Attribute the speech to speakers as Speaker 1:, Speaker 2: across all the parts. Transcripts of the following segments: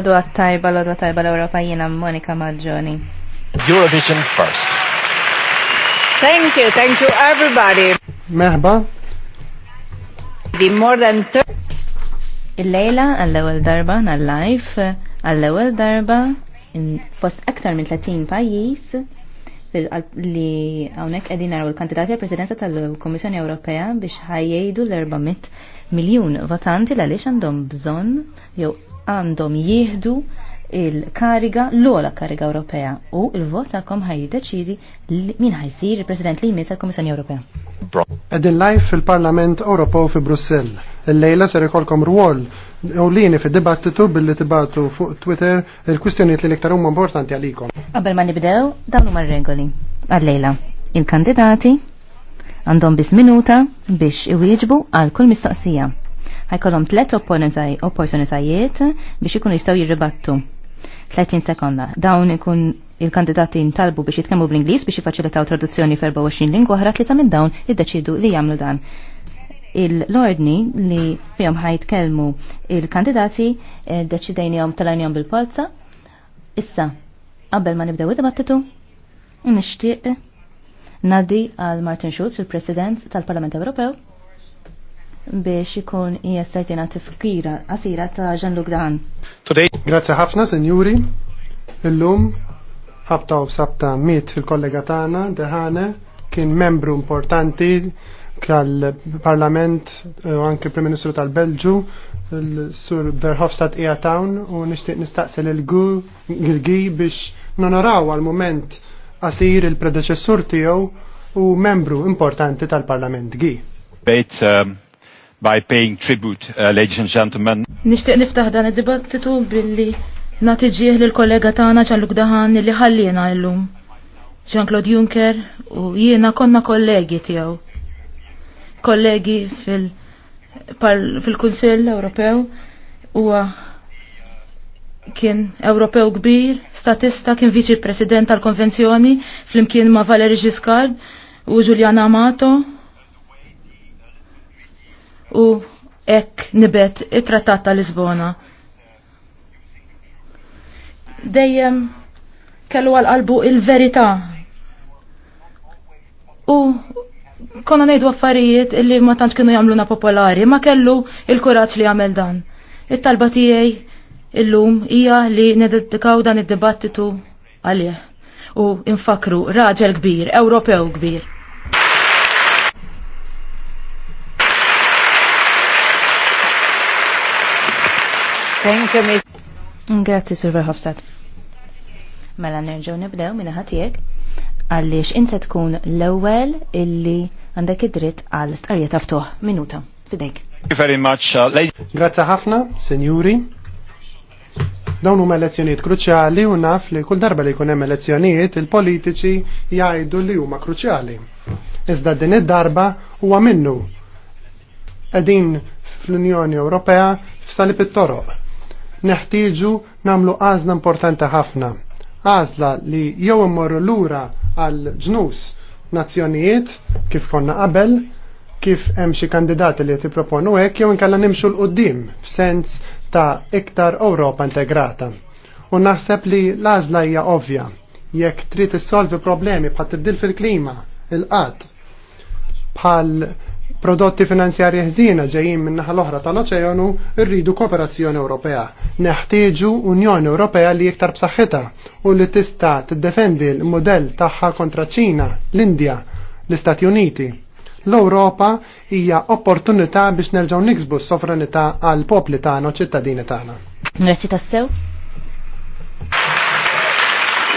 Speaker 1: L-għadu għattajba, l-għadu għattajba l-Europa jina Monika Maġġoni.
Speaker 2: Eurovision first.
Speaker 1: Thank you, thank you everybody. Merħba. The more than Il-lejla għall-ewel darba għall-live, għall-ewel darba fost aktar minn 30 pajis li għawnek għedin għaraw il-kandidati għal-presidenza tal-Komissjoni Ewropea biex ħajjejdu l-400 miljon votanti l-għalix għandhom bżon jew għandhom jieħdu il-kariga l-ola kariga Ewropea u il-vot ħaj ħajdeċidi min ħajsir il-President li jmiss tal-Kummissjoni Ewropea.
Speaker 3: Edin live fil-Parlament Ewropew fi Brussell. Il-lejla ser ikolkom u ewlieni fid-dibattitu billi tibatu fuq Twitter il-kwistjonijiet li l-iktar huma importanti għalikom.
Speaker 1: Qabel ma nibdew dawn huma regoli għal-lejla. Il-kandidati għandhom biss minuta biex iwieġbu għal kull mistoqsija għajkolom tliet opportunitajiet biex ikunu jistgħu jirribattu. 30 sekonda. Dawn ikun il-kandidati intalbu biex jitkemmu bl inglis biex jifaċilitaw traduzzjoni f'24 lingwa ħra tlieta minn dawn iddeċidu li jagħmlu dan. il lordni li fihom ħajtkellmu il-kandidati eh, jom tal-għajnihom bil-polza. Issa, qabel ma nibdew id-dibattitu, nixtieq nadi għal Martin Schulz, il-President tal-Parlament Ewropew, biex ikun jessajtina tifkira għasira ta' Jean-Luc Dan.
Speaker 3: Grazie ħafna, senjuri. Illum ħabta u b'sabta mit fil-kollega tana, Dehane kien membru importanti tal-Parlament eh, u anke Prim Ministru tal-Belġu sur Verhofstadt Ea Town u nixtieq nistaqsel il-gi biex nonoraw għal mument għasir il-predeċessur tiegħu u membru importanti tal-Parlament gi.
Speaker 4: Bejt eh, by paying tribute, uh, ladies and gentlemen.
Speaker 5: Nishtiq niftaħ dan id-dibattitu billi natiġieħ l kollega tagħna Ġanluk Dahan li ħallina llum. Jean-Claude Juncker u jiena konna kollegi tiegħu. Kollegi fil fil-Kunsill Ewropew huwa kien Ewropew kbir, statista kien viċi president tal-konvenzjoni flimkien ma' Valeri Giscard u Giuliana Amato u ek nibet it-trattat ta' Lisbona. Dejjem kellu għal-qalbu il-verità. U konna nejdu affarijiet illi ma tantx kienu jagħmluna popolari, ma kellu il-kuraġġ li jagħmel dan. It-talba tiegħi illum hija li nededikaw dan id-dibattitu għalih u infakru raġel kbir, Ewropew kbir.
Speaker 1: Thank you, Grazzi, Sir Verhofstadt. Mela nerġaw nibdew minna ħatijek għalliex inta tkun l-ewwel illi għandek
Speaker 3: id-dritt għal starja taftuħ minuta fidejk. Thank you very much. Uh, Grazzi ħafna, senjuri. Dawn huma elezzjonijiet kruċjali u naf li kull darba li jkun hemm elezzjonijiet il-politiċi jgħidu li huma kruċjali. Iżda din id-darba huwa minnu qegħdin fl-Unjoni Ewropea f'salib it-toroq neħtieġu namlu għażla importanti ħafna. Għażla li jew immorru lura għal ġnus nazzjonijiet kif konna qabel, kif hemm xi kandidati li tipproponu hekk jew inkella nimxu l qudiem f'sens ta' iktar Ewropa integrata. U naħseb li l-għażla hija ovvja jekk trid issolvi problemi bħal tibdil fil-klima, il-qatt, bħal prodotti finanzjarji ħżina ġejjin minn naħa l-oħra tal-oċeanu rridu kooperazzjoni Ewropea. Neħtieġu Unjoni Ewropea li iktar b'saħħitha u li tista' tiddefendi l-mudell tagħha kontra Ċina, l-Indja, l-Istati Uniti. L-Ewropa hija opportunità biex nerġgħu niksbu s-sovranità għall popli tagħna u ċittadini tagħna.
Speaker 1: Grazzi tassew.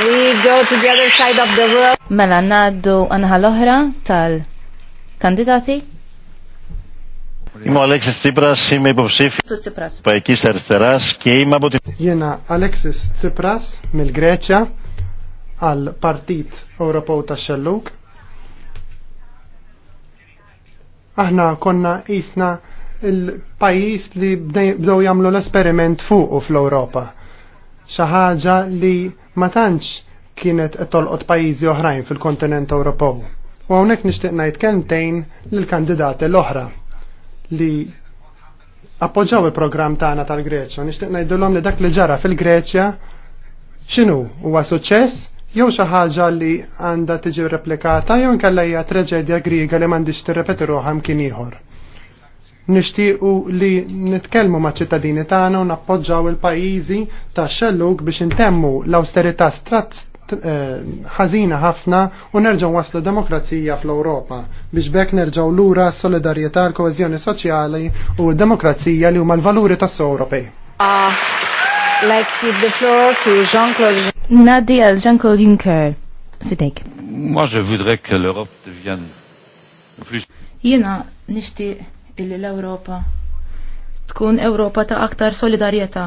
Speaker 3: We go to the other side of the world.
Speaker 1: Mela ngħaddu anħal oħra tal-kandidati.
Speaker 2: Είμαι ο Αλέξης Τσίπρας, είμαι υποψήφιος Παϊκής Αριστεράς και είμαι από την...
Speaker 3: Jena Alexis Tsipras mill-Greċja għal Partit Ewropew tax-Xelluk. Aħna konna isna il-pajis li bdew jagħmlu l-esperiment fuqu fl-Ewropa. ħaġa li ma tantx kienet qed tolqot pajjiżi oħrajn fil-kontinent Ewropew. U hawnhekk nixtieq ngħid kentejn lill-kandidati l-oħra li appoġġaw il-programm tagħna tal-Greċja. Nixtieq ngħidulhom li dak li ġara fil-Greċja x'inhu huwa suċċess jew xi ħaġa li għandha tiġi replikata jew inkella hija traġedja griega li m'għandix tirrepeti ruħha mkien ieħor. Nixtiequ li nitkellmu maċ ċittadini tagħna u nappoġġaw il-pajjiżi tax xellug biex intemmu l-awsterità strat Eh, ħażina ħafna u nerġgħu waslu demokrazija fl-Ewropa biex bekk nerġgħu lura s-solidarjetà, l-koeżjoni soċjali u d-demokrazija li huma l-valuri tas-Ewropej.
Speaker 1: Nadia, ah, Jean-Claude Juncker. fidek.
Speaker 4: Moi je voudrais que l'Europe devienne plus
Speaker 5: Jiena nixtieq illi l-Ewropa tkun Ewropa ta' aktar solidarjetà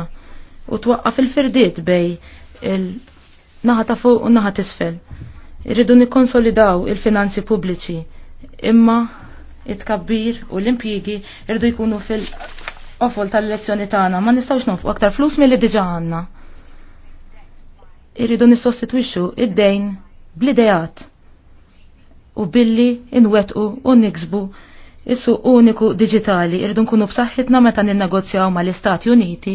Speaker 5: u twaqqaf il-firdiet bej il- naħa ta' fuq u naħa tisfel. Irridu nikkonsolidaw il-finanzi pubbliċi imma it-kabbir u l-impjigi irridu jkunu fil-qofol tal lezzjoni tagħna ma nistgħux nofqu aktar flus milli diġà għandna. Irridu nissostitwixxu id-dejn bl-idejat u billi inwetqu u niksbu Issu uniku digitali irridu nkunu b'saħħitna meta ninnegozjaw mal-Istati Uniti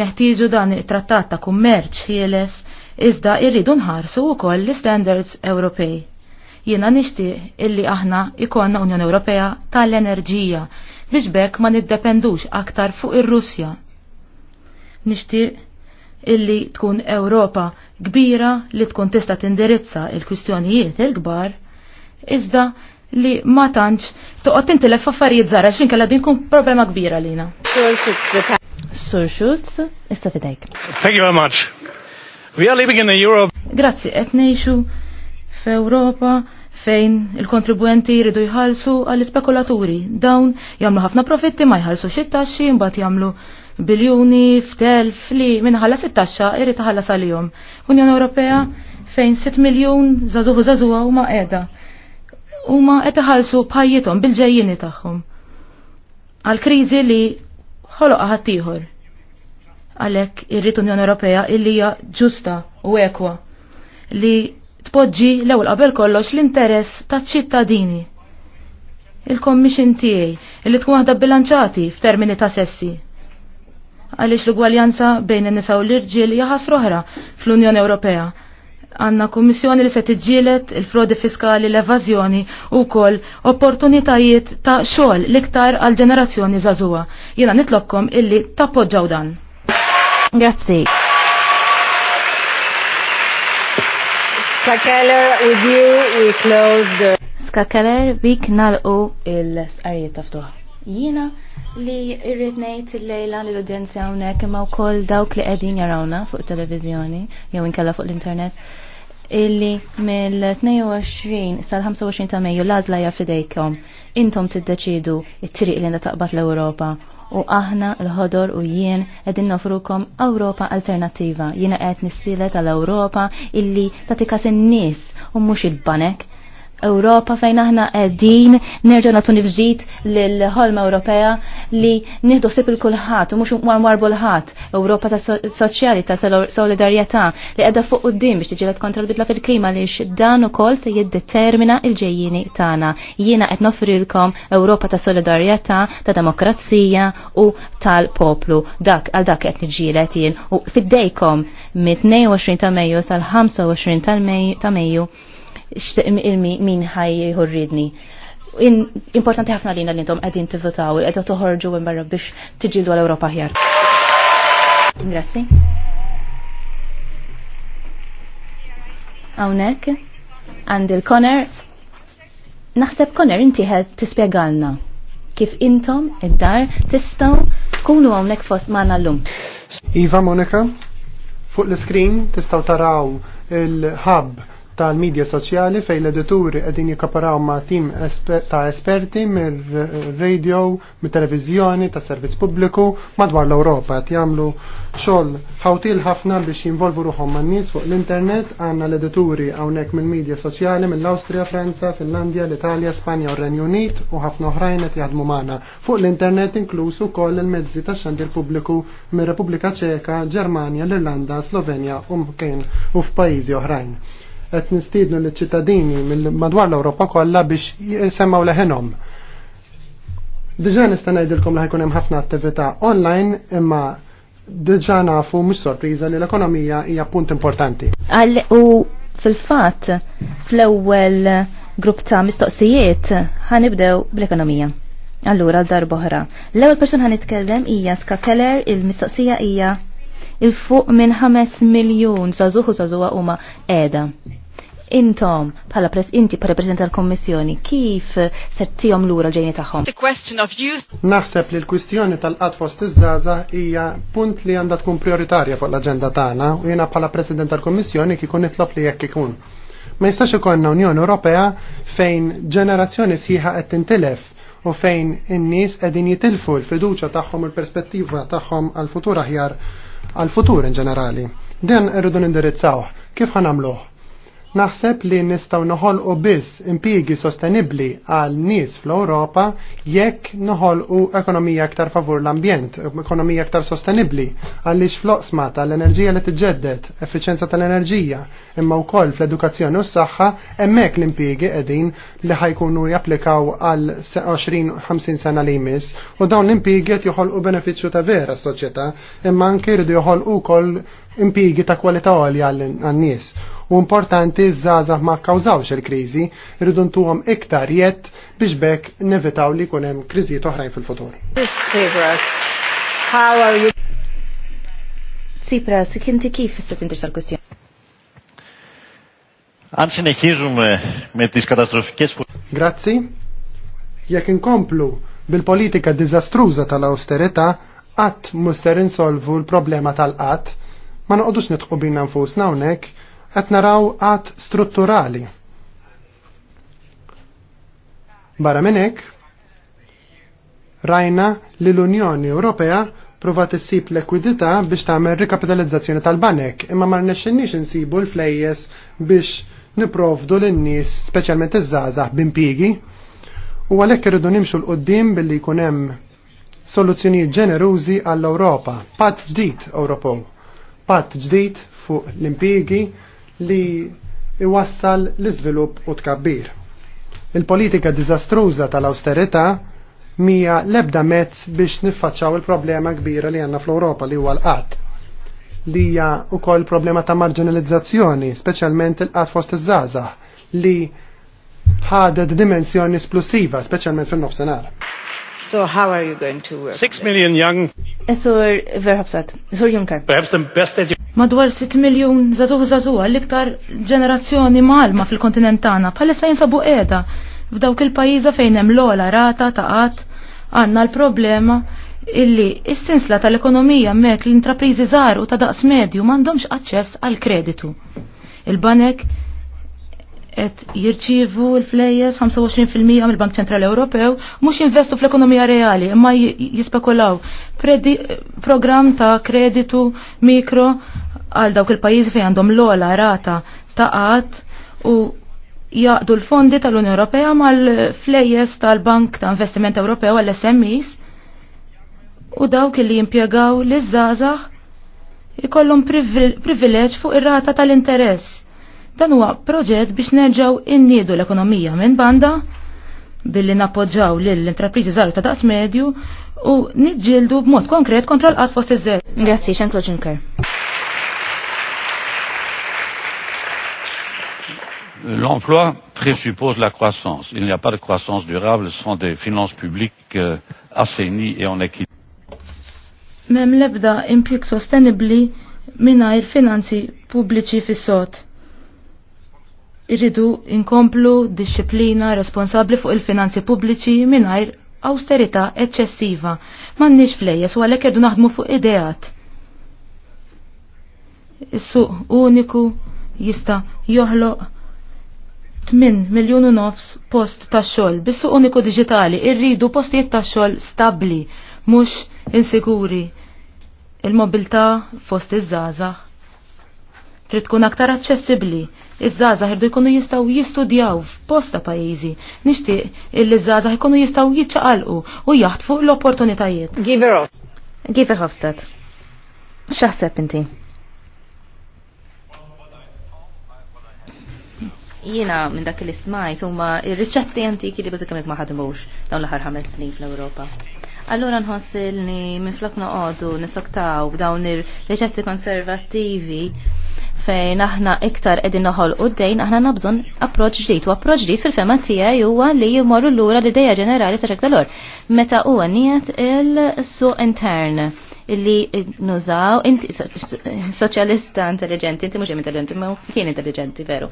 Speaker 5: neħtieġu dan it-trattat ta' kummerċ ħieles iżda irridu nħarsu wkoll l-standards Ewropej. Jiena nixtieq illi aħna ikonna Unjoni Ewropea tal-enerġija biex bekk ma niddependux aktar fuq ir-Russja. Nixtieq illi tkun Ewropa kbira li tkun tista' tindirizza il-kwistjonijiet il-kbar, iżda li ma tantx toqgħod tintilef affarijiet żara x'in kellha din tkun problema kbira lina. Sur Schultz, issa
Speaker 4: fidejk. Thank you very much. We are living in a Europe.
Speaker 5: Grazzi, qed ngħixu f'Ewropa fejn il kontribuenti jridu jħallsu għall-ispekulaturi. Dawn jagħmlu ħafna profitti ma jħalsu xittaxi, taxxi mbagħad jagħmlu biljuni f'telf li ħalla it-taxxa ħalla taħallas għalihom. Unjoni Ewropea fejn 6 miljun zazuħu zazuha huma qiegħda. Huma qed iħallsu bħajjitom bil-ġejjini tagħhom. Għal kriżi li ħoloqa ħaddieħor. Għalhekk irrid Unjoni Ewropea illi hija ġusta u ekwa li tpoġġi l-ewwel qabel kollox l-interess taċ-ċittadini. Il-commission tiegħi li tkun waħda bilanċati f'termini ta' sessi. Għaliex l-ugwaljanza bejn in-nisa u l-irġiel hija ħasroħra fl-Unjoni Ewropea għanna kummissjoni li se tiġġielet il-frodi fiskali l-evażjoni u kol opportunitajiet ta' xogħol l-iktar għal ġenerazzjoni żagħżugħa. Jiena nitlobkom illi tappoġġaw dan. Grazzi. Skakeller, with you we close the... Skakeller, bik
Speaker 1: nalqu il-sqarijiet taftuħ. Jina li irritnejt ngħid illejla li l-udjenzja hawnhekk imma wkoll dawk li qegħdin jarawna fuq it-Televizjoni jew inkella fuq l-internet illi mill-22 sal-25 ta' Mejju lazla jaffidejkom fidejkom intom tiddeċidu it-triq li taqbad l-Ewropa u aħna l-ħodor u jien edin nofrukom Ewropa alternativa. Jiena qed nissilet għal Ewropa illi tatikas in-nies u mhux il-banek Ewropa fejn aħna qegħdin nerġa' nagħtu nifżid lill-ħolma Ewropea li nieħdu sib il kulħadd u mhux l-ħadd Ewropa ta' soċjali ta' solidarjetà li qiegħda fuq quddiem biex tiġilet kontra l-bidla fil-klima li dan ukoll se jiddetermina il-ġejjini tagħna. Jiena qed noffrilkom Ewropa ta' solidarjetà, ta' demokrazija u tal-poplu. Dak għal dak qed niġġielet jien u fiddejkom dejkom mit-22 ta' Mejju sal-25 ta' Mejju min ħaj jħurridni. Importanti ħafna lina li intom għedin għedin t toħorġu minn barra biex tiġildu għal-Ewropa ħjar. Grazzi. Awnek, għandil koner naħseb koner inti t tispiegalna kif intom id-dar tistaw tkunu għawnek
Speaker 3: fost maħna l-lum. Iva Monika, fuq l-screen t-istaw taraw il-hub tal-medja soċjali fej l-edituri għedin jikaparaw ma' tim ta' esperti mir-radio, mir-televizjoni, ta' servizz pubbliku madwar l-Europa. Jamlu xol ħawtil ħafna biex jinvolvu ruħom ma' nis fuq l-internet għanna l-edituri għawnek mill-medja soċjali mill-Austria, Franza, Finlandia, l-Italja, Spanja u Renju Unit u ħafna oħrajn qed jaħdmu magħna. Fuq l-internet inklusu koll il-mezzi ta' xandir pubbliku mir-Repubblika Ċeka, Ġermanja, l-Irlanda, Slovenja u mkien u f'pajjiżi oħrajn qed nistiednu l-ċittadini madwar l-Ewropa kollha biex jisemgħu leħenhom. Diġà nista' ngħidilkom li ħajkun hemm ħafna attività online imma diġà nafu mhux sorpriża li l-ekonomija hija punt importanti.
Speaker 1: U fil-fatt fl-ewwel grupp ta' mistoqsijiet ħanibdew bl-ekonomija. Allura l boħra. L-ewwel persuna ħanitkellem hija Ska Keller, il-mistoqsija hija il-fuq minn 5 miljun sażuħu sażuwa huma qiegħda intom bħala pres inti pa reprezenta l-Kommissjoni kif
Speaker 3: se tihom lura l-ġejni tagħhom. Naħseb li l-kwistjoni tal qatfos fost iż-żgħażagħ hija punt li għandha tkun prioritarja fuq l-aġenda tagħna u jiena bħala President tal-Kommissjoni kikun nitlob li jekk ikun. Ma jistax ikollna Unjoni Ewropea fejn ġenerazzjoni sħiħa qed tintilef u fejn in-nies qegħdin jitilfu l-fiduċja tagħhom u l-perspettiva tagħhom għall-futur aħjar għall-futur in ġenerali. Dan irridu nindirizzawh kif ħanamluh Naħseb li nistaw noħolqu biss impigi sostenibli għal nies fl-Ewropa jekk noħolqu ekonomija aktar favur l-ambjent, ekonomija aktar sostenibli, għaliex fl-oqsma tal-enerġija li tiġġedded, effiċenza tal-enerġija, imma wkoll fl-edukazzjoni u s-saħħa hemmhekk l-impigi qegħdin li ħajkunu japplikaw għal 20-50 sena li jmiss u dawn l-impigi qed joħolqu benefiċċju ta' vera s-soċjetà, imma anke jridu joħolqu wkoll impigi ta' kwalità għolja għal nies U importanti żgħażagħ ma kkawżawx il-kriżi, irridu ntuhom iktar jett biex bekk nevitaw li jkun hemm kriżijiet oħrajn fil-futur.
Speaker 1: Tsipras, kinti kif issa tintersa l-kwestjoni?
Speaker 2: Αν συνεχίζουμε με τις katastrofikis.
Speaker 3: Grazzi. Jekk inkomplu bil-politika diżastruża tal-austerità, qatt muster insolvu l-problema tal-qatt Ma noqodux nitħu bina nfusna hawnhekk qed naraw għat strutturali. Barra minn hekk rajna li l-Unjoni Ewropea provat issib l-ekwidità biex tagħmel rikapitalizzazzjoni tal-banek, imma ma rnexxinniex insibu l-flejjes biex niprovdu lin-nies, speċjalment iż-żgħażagħ b'impigi. U għalhekk irridu nimxu l qudiem billi jkun hemm soluzzjonijiet ġenerużi għall-Ewropa, Pat ġdid Ewropew patt ġdid fuq l-impjiegi li iwassal l-iżvilupp u tkabbir. Il-politika diżastruża tal-austerità mija lebda mezz biex niffaċċaw il-problema kbira li għanna fl-Europa li huwa l-qatt li hija wkoll problema ta' marginalizzazzjoni, speċjalment il-qatt fost iż-żgħażagħ li ħadet dimensjoni esplusiva, speċjalment fin-nofsinhar.
Speaker 4: So how are you going to work? Six million young.
Speaker 3: Esur
Speaker 5: eh, Perhaps the best Madwar 6 miljon zazu zazu għal iktar ġenerazzjoni malma fil-kontinent tagħna bħalissa jinsabu qiegħda f'dawk il-pajjiża fejn hemm l-ola rata ta' għanna għandna l-problema illi is-sinsla tal-ekonomija mek l-intrapriżi żgħar u ta' daqs medju m'għandhomx aċċess għal kreditu. Il-banek qed jirċievu l-flejjes 25% mill-Bank Ċentral Ewropew mhux jinvestu fl-ekonomija reali imma jispekulaw programm ta' kreditu mikro għal dawk il-pajjiżi fejn għandhom l-ola rata ta' qatt u jaqdu l-fondi tal-Unjoni Ewropea mal-flejjes tal-Bank ta' Investiment Ewropew għall smis u dawk li jimpjegaw l-żgħażagħ ikollhom privileġġ fuq ir-rata tal-interess Dan huwa proġett biex nerġgħu inniedu l-ekonomija minn banda billi nappoġġaw lill-intrapriżi żgħar ta' daqs medju u niġġieldu b'mod konkret kontra l-qatt fost iż-żel. Grazzi, jean Junker.
Speaker 4: L'emploi présuppose la croissance. Il n'y a pas de croissance durable sans des finances publiques euh, assainies et en équilibre.
Speaker 5: Mem lebda impjek sostenibli minajr finanzi pubbliċi fis-sot irridu inkomplu disċiplina responsabli fuq il-finanzi pubbliċi mingħajr austerità eċċessiva. M'għandniex flejjes u għalhekk irdu naħdmu fuq ideat. Is-suq uniku jista' joħloq 8 miljonu nofs post ta' xol, bissu uniku digitali, irridu postijiet ta' xol stabli, mux insiguri. Il-mobilta fost iż-żaza trid tkun aktar aċċessibbli. Iż-żgħażagħ irdu jkunu jistgħu jistudjaw f'posta pajjiżi. Nixtieq illi żgħażagħ ikunu jistgħu jiċċaqalqu u jaħtfu l-opportunitajiet. Give her off. Give Hofstad.
Speaker 1: X'aħseb inti? Jiena minn dak li smajt huma ir-riċetti antiki li bażikament ma ħadmux dawn l-aħħar ħames snin fl-Ewropa. Allura nħossil li minn flok noqogħdu nisoktaw b'dawn ir-riċetti konservattivi fejn aħna iktar edin noħol u d-dejn aħna nabżon approċ ġdijt. U approċ ġdijt fil-fema tija juwa li jimorru l-ura l-ideja ġenerali ta' ċektalor. Meta u għaniet il-su intern illi nużaw, inti soċjalista intelligenti, inti muġem intelligenti, ma kien intelligenti, veru.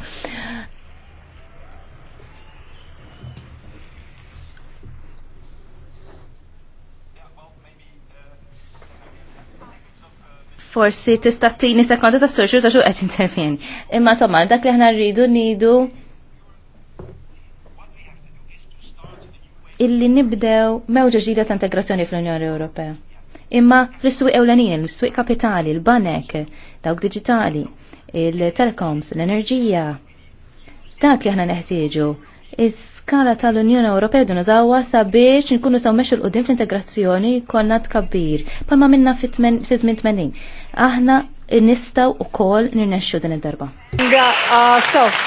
Speaker 1: forsi tista' tini sekonda ta' soċju sa' xu qed intervjeni. Imma somma dak li aħna rridu nidu illi nibdew mewġa ġdida ta' integrazzjoni fl-Unjoni Ewropea. Imma fl-iswiq ewlenin, l-iswiq kapitali, l-banek, dawk digitali, il-telecoms, l-enerġija. Dak li aħna neħtieġu is skala tal-Unjoni Ewropea dun użawwa sabiex nkunu saw mexxu l-qudiem fl-integrazzjoni konna tkabbir. Palma minna fi żmien tmenin. Aħna nistgħu wkoll nirnexxu din id-darba. Uh,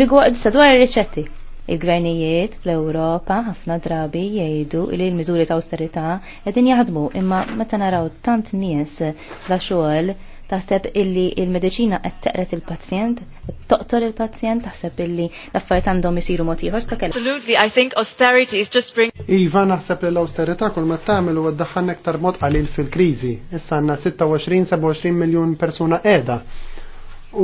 Speaker 1: Rigward sa dwar ir-riċetti. Il-gvernijiet fl-Ewropa ħafna drabi jgħidu li l-miżuri ta' austerità qegħdin jaħdmu imma meta naraw tant nies la xogħol taħseb illi il-medicina qed teqret il-pazjent, toqtor il-pazjent, taħseb illi l-affarijiet għandhom isiru mod ieħor skakel.
Speaker 5: Absolutely, I think austerity is just bring.
Speaker 3: Iva naħseb li l-austerità kull ma tagħmel u ddaħħan iktar mod qalil fil-kriżi. Issa għandna 26-27 miljun persuna qiegħda.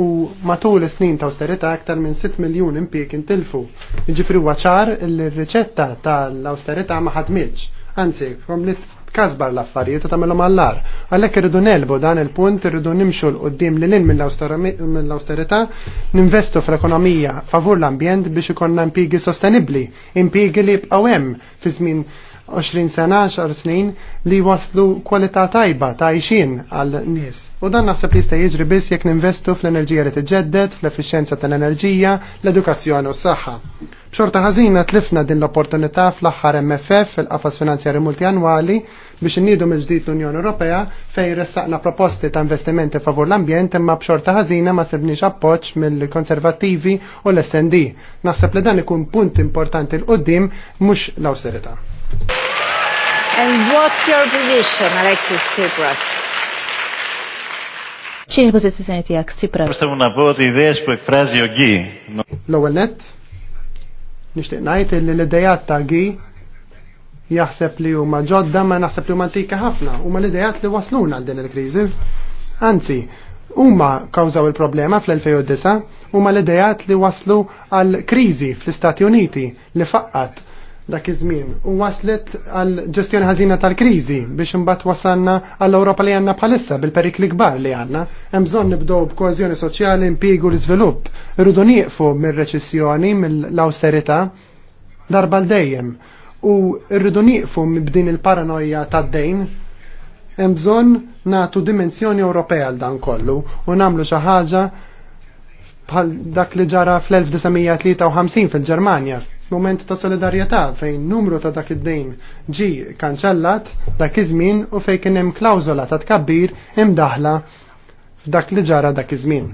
Speaker 3: U matul is-snin ta' austerità aktar minn 6 miljun impiek intilfu. Jiġifieri waċar il-riċetta tal-austerità ma ħadmitx. Anzi, komlit tkasbar l-affarijiet u tagħmelhom għall-ar. Għalhekk irridu nelbu dan il-punt irridu nimxu l qudiem lil mill-austerità, ninvestu fl-ekonomija favur l-ambjent biex ikonna impigi sostenibbli, impigi li jibqgħu hemm fi żmien 20 sena, 10 snin li waslu kwalità tajba ta' ixin għal nies. U dan naħseb li jista' jiġri biss jekk ninvestu fl-enerġija li tiġġedded, fl-effiċjenza tal-enerġija, l-edukazzjoni u s-saħħa. B'xorta ħażina tlifna din l-opportunità fl-aħħar MFF, il-qafas finanzjari multianwali, biex nniedu mill-ġdid l-Unjoni Ewropea fejn ressaqna proposti ta' investimenti favur l-ambjent imma b'xorta ħażina ma sibniex appoġġ mill-konservattivi u l-SND. Naħseb li dan ikun punt importanti l qudiem mhux l-awsterità.
Speaker 5: And
Speaker 2: what's your position, Alexis Tsipras?
Speaker 3: ċini pozizjoni Tsipras? Posta
Speaker 2: Nistaw voti ideas bu ekfrazi o gi.
Speaker 3: L-ewel net, nishtiq najt li l-idejat ta' gi jaħseb li huma ġodda ma naħseb li huma antika ħafna huma l-idejat li wasluna għal din il-kriżi. Anzi, huma kawżaw il-problema fl-2009 huma l-idejat li waslu għal kriżi fl-Istati Uniti li faqqat dak iż-żmien u waslet għal ġestjoni ħażina tal-kriżi biex imbagħad wasalna għall Ewropa li għandna bħalissa bil-perikli kbar li għandna. Hemm bżonn nibdew b'kważjoni soċjali, impiegu l-iżvilupp. Irridu nieqfu mir-reċessjoni, mill awserità darba l-dejjem u rridu nieqfu mibdin il-paranoja tad-dejn hemm bżonn nagħtu dimensjoni Ewropea għal dan kollu u nagħmlu xi ħaġa bħal dak li ġara fl-1953 fil-Ġermanja moment ta' solidarjetà fejn numru ta' dak id-dejn ġi kanċellat dak iż-żmien u fejn kien hemm klawżola ta' tkabbir imdaħla f'dak li ġara dak iż-żmien.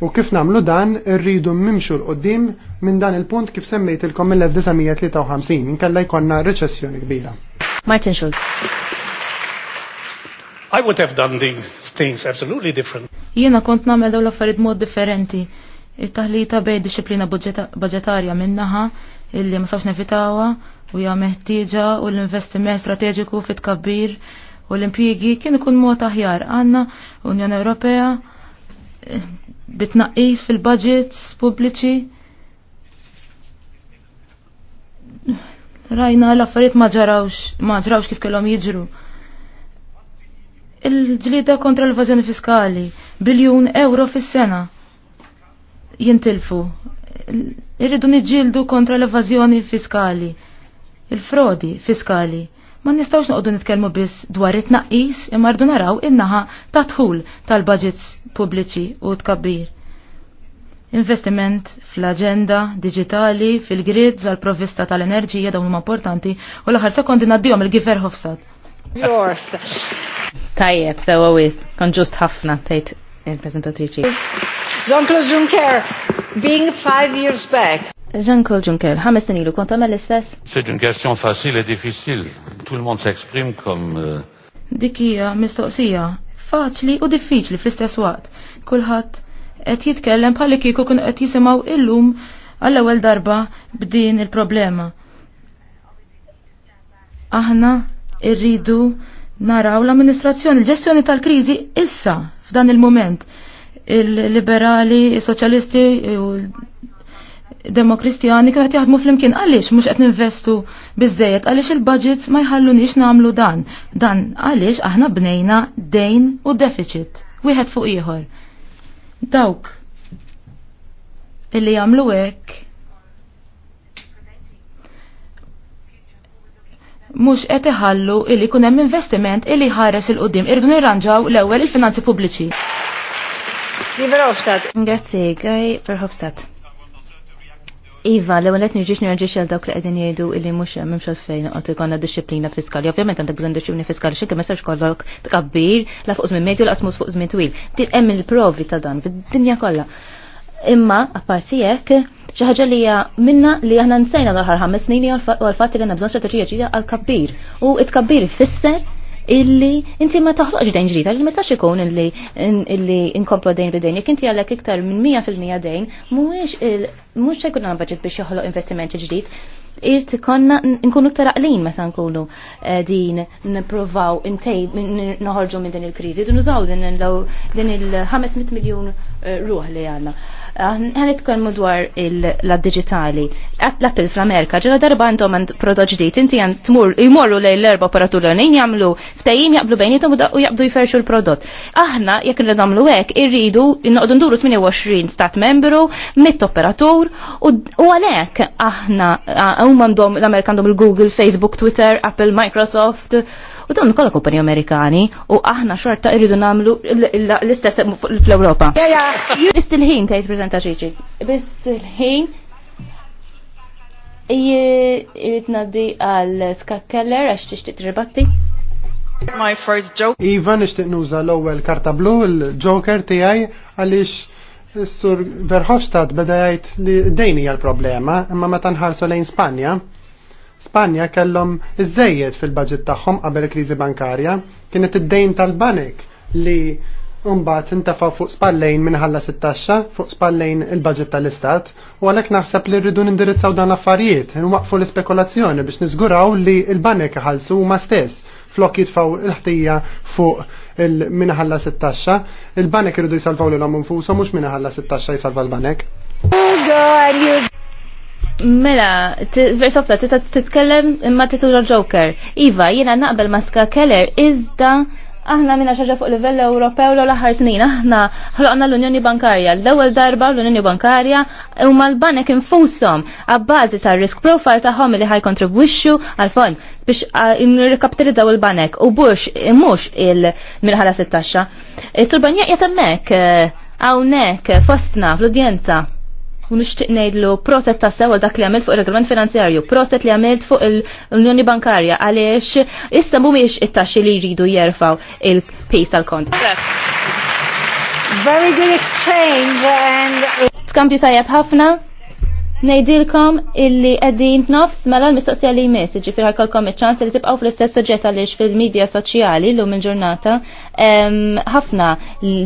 Speaker 3: U kif namlu dan, rridu mimxu l-qoddim minn dan il-punt kif semmejt il-kom mill-1953, inkella jkonna reċessjoni kbira. Martin Schulz.
Speaker 4: I would have done these things absolutely different.
Speaker 5: Jiena kont namel daw l-affarijiet mod differenti. il taħlita bej disciplina budgetarja minnaħa illi ma sawx nefitawa, u hija meħtieġa u l-investiment strateġiku fit-kabbir u l-impjiegi kien ikun mod aħjar għandna Unjoni Ewropea bitnaqis fil-budgets pubbliċi. Rajna l-affarijiet ma ġrawx kif kellhom jiġru. Il-ġlida kontra l-evażjoni fiskali, biljun euro fis-sena jintilfu. Irridu niġġieldu kontra l-evażjoni fiskali, il-frodi fiskali. Ma nistawx noqogħdu nitkellmu biss dwar it naqis imma rdu naraw in-naħa ta' tħul tal-budgets pubbliċi u tkabbir. Investiment fl-agenda digitali, fil-grid, għal provvista tal-enerġija dawn huma importanti u l-aħħar sekondi ngħaddihom il-gifer Hofstad.
Speaker 1: Yours. Tajjeb, sewa wis, kon ġust ħafna tgħid il-prezentatriċi. Jean-Claude Juncker, being five years back. Jean-Claude
Speaker 5: Juncker, ħames snin ilu konta mal-istess?
Speaker 4: C'est une question facile et difficile. Tout le monde s'exprime comme... Euh,
Speaker 5: Dikija mistoqsija, faċli u diffiċli fl-istess waqt. Kulħadd qed jitkellem bħalli kieku kun qed jisimgħu illum għall-ewwel darba b'din il-problema. Aħna irridu naraw l-amministrazzjoni, l-ġestjoni tal-kriżi issa f'dan il-moment. Il-liberali, il-soċjalisti u il Demokristjani kħat jaħdmu flimkien għaliex mhux qed ninvestu bizzejet, għaliex il-budgets ma nix nagħmlu dan. Dan għaliex aħna bnejna dejn u deficit wieħed fuq ieħor. Dawk illi jagħmlu hekk mhux qed iħallu illi jkun hemm investiment illi ħares il qudiem irdu nirranġaw l-ewwel il-finanzi pubbliċi. Grazie, Guy Verhofstadt. Iva,
Speaker 1: l ewwel qed nirġiex għal dawk li qegħdin jgħidu illi mhux m'hemmx għalfejn qed ikollna disċiplina fiskali. Ovvjament għandek bżonn disċiplina fiskali xi kemm jistax kollok tkabbir la fuq żmien medju laqas fuq żmien twil. Din hemm il-provi ta' dan fid-dinja kollha. Imma apparti hekk xi ħaġa li hija minna li aħna nsejna l-aħħar ħames snin u għal-fatt li għandna bżonn strateġija ġdida għal kabbir. U t kabbir ifisser illi inti ma taħloqx dejn ġdida. li mistax ikun illi illi inkomplu dejn bidejn. Jek inti għalek iktar minn 100% dejn, mhuwiex mhux għan jkun budget biex joħloq investimenti ġdid. irti konna nkunu iktar aqlin meta nkunu eh, din nippruvaw intejb noħorġu minn din il-kriżi, din użaw din il-500 miljun eh, ruħ li għandna ħanitkolmu dwar la digitali L-Apple fl-Amerika ġela darba għandhom għand prodot ġdid, inti għand tmur jmorru lej l-erba operaturonin jagħmlu ftajim jaqblu bejnietom u jaqdu jferxu l-prodott. Aħna jekk li nagħmlu hekk irridu noqdu nduru 28 stat membru, mit operatur u għalhekk aħna huma għandhom l-Amerika għandhom il-Google, Facebook, Twitter, Apple, Microsoft, U dawn kollha kumpani Amerikani u aħna xorta irridu nagħmlu l-istess fl-Ewropa. Biss il-ħin tgħid preżenta xiġi. Biss il-ħin jrid ngħaddi għal Keller għax tixtieq tribatti.
Speaker 3: My first joke. Iva nixtieq nuża l-ewwel karta blu l-joker tiegħi għaliex Sur Verhofstadt beda jgħid li dejni hija l-problema, imma meta nħarsu lejn Spanja, Spanja kellhom iżejjed fil-budget tagħhom qabel il-kriżi bankarja, kienet id-dejn tal-banek li mbagħad intafaw fuq spallejn minħalla sit-taxxa fuq spallejn il-budget tal-istat u għalhekk naħseb li rridu nindirizzaw dan l-affarijiet, nwaqfu l-ispekulazzjoni biex niżguraw li l-banek ħalsu huma stess flok jitfaw il-ħtija fuq il-minħalla sittaxxa, il-banek irridu jisalvaw lilhom infushom mhux minħalla sit-taxxa jisalva l-banek. Oh God,
Speaker 1: Mela, versofta, tista titkellem imma titura Joker. Iva, jiena naqbel maska Keller, iżda aħna minna xaġa fuq livell Ewropew l aħħar snin, aħna ħloqna l-Unjoni Bankarja. L-ewwel darba l-Unjoni Bankarja huma l-banek infushom għabbażi tar-risk profile tagħhom li ħaj kontribwixxu għal fond biex jirkapitalizzaw il-banek u bux mhux il-milħala sittaxxa. Is-surbanjaq eh, jagħmel hemmhekk eh, hawnhekk fostna fl-udjenza u nixtieq ngħidlu proset ta' sewa dak li għamilt fuq ir reglament finanzjarju, proset li għamilt fuq l-Unjoni Bankarja għaliex issa mhumiex it-taxxi li jridu jerfaw il pace tal-kont. Very good exchange and... Skambju tajjeb ħafna. Nejdilkom illi għedin nofs mela l-mistoqsija li jmiss, ġifir ħakolkom il ċans li tibqaw fl-istess soġġet għaliex fil-medja soċjali l-lum il-ġurnata ħafna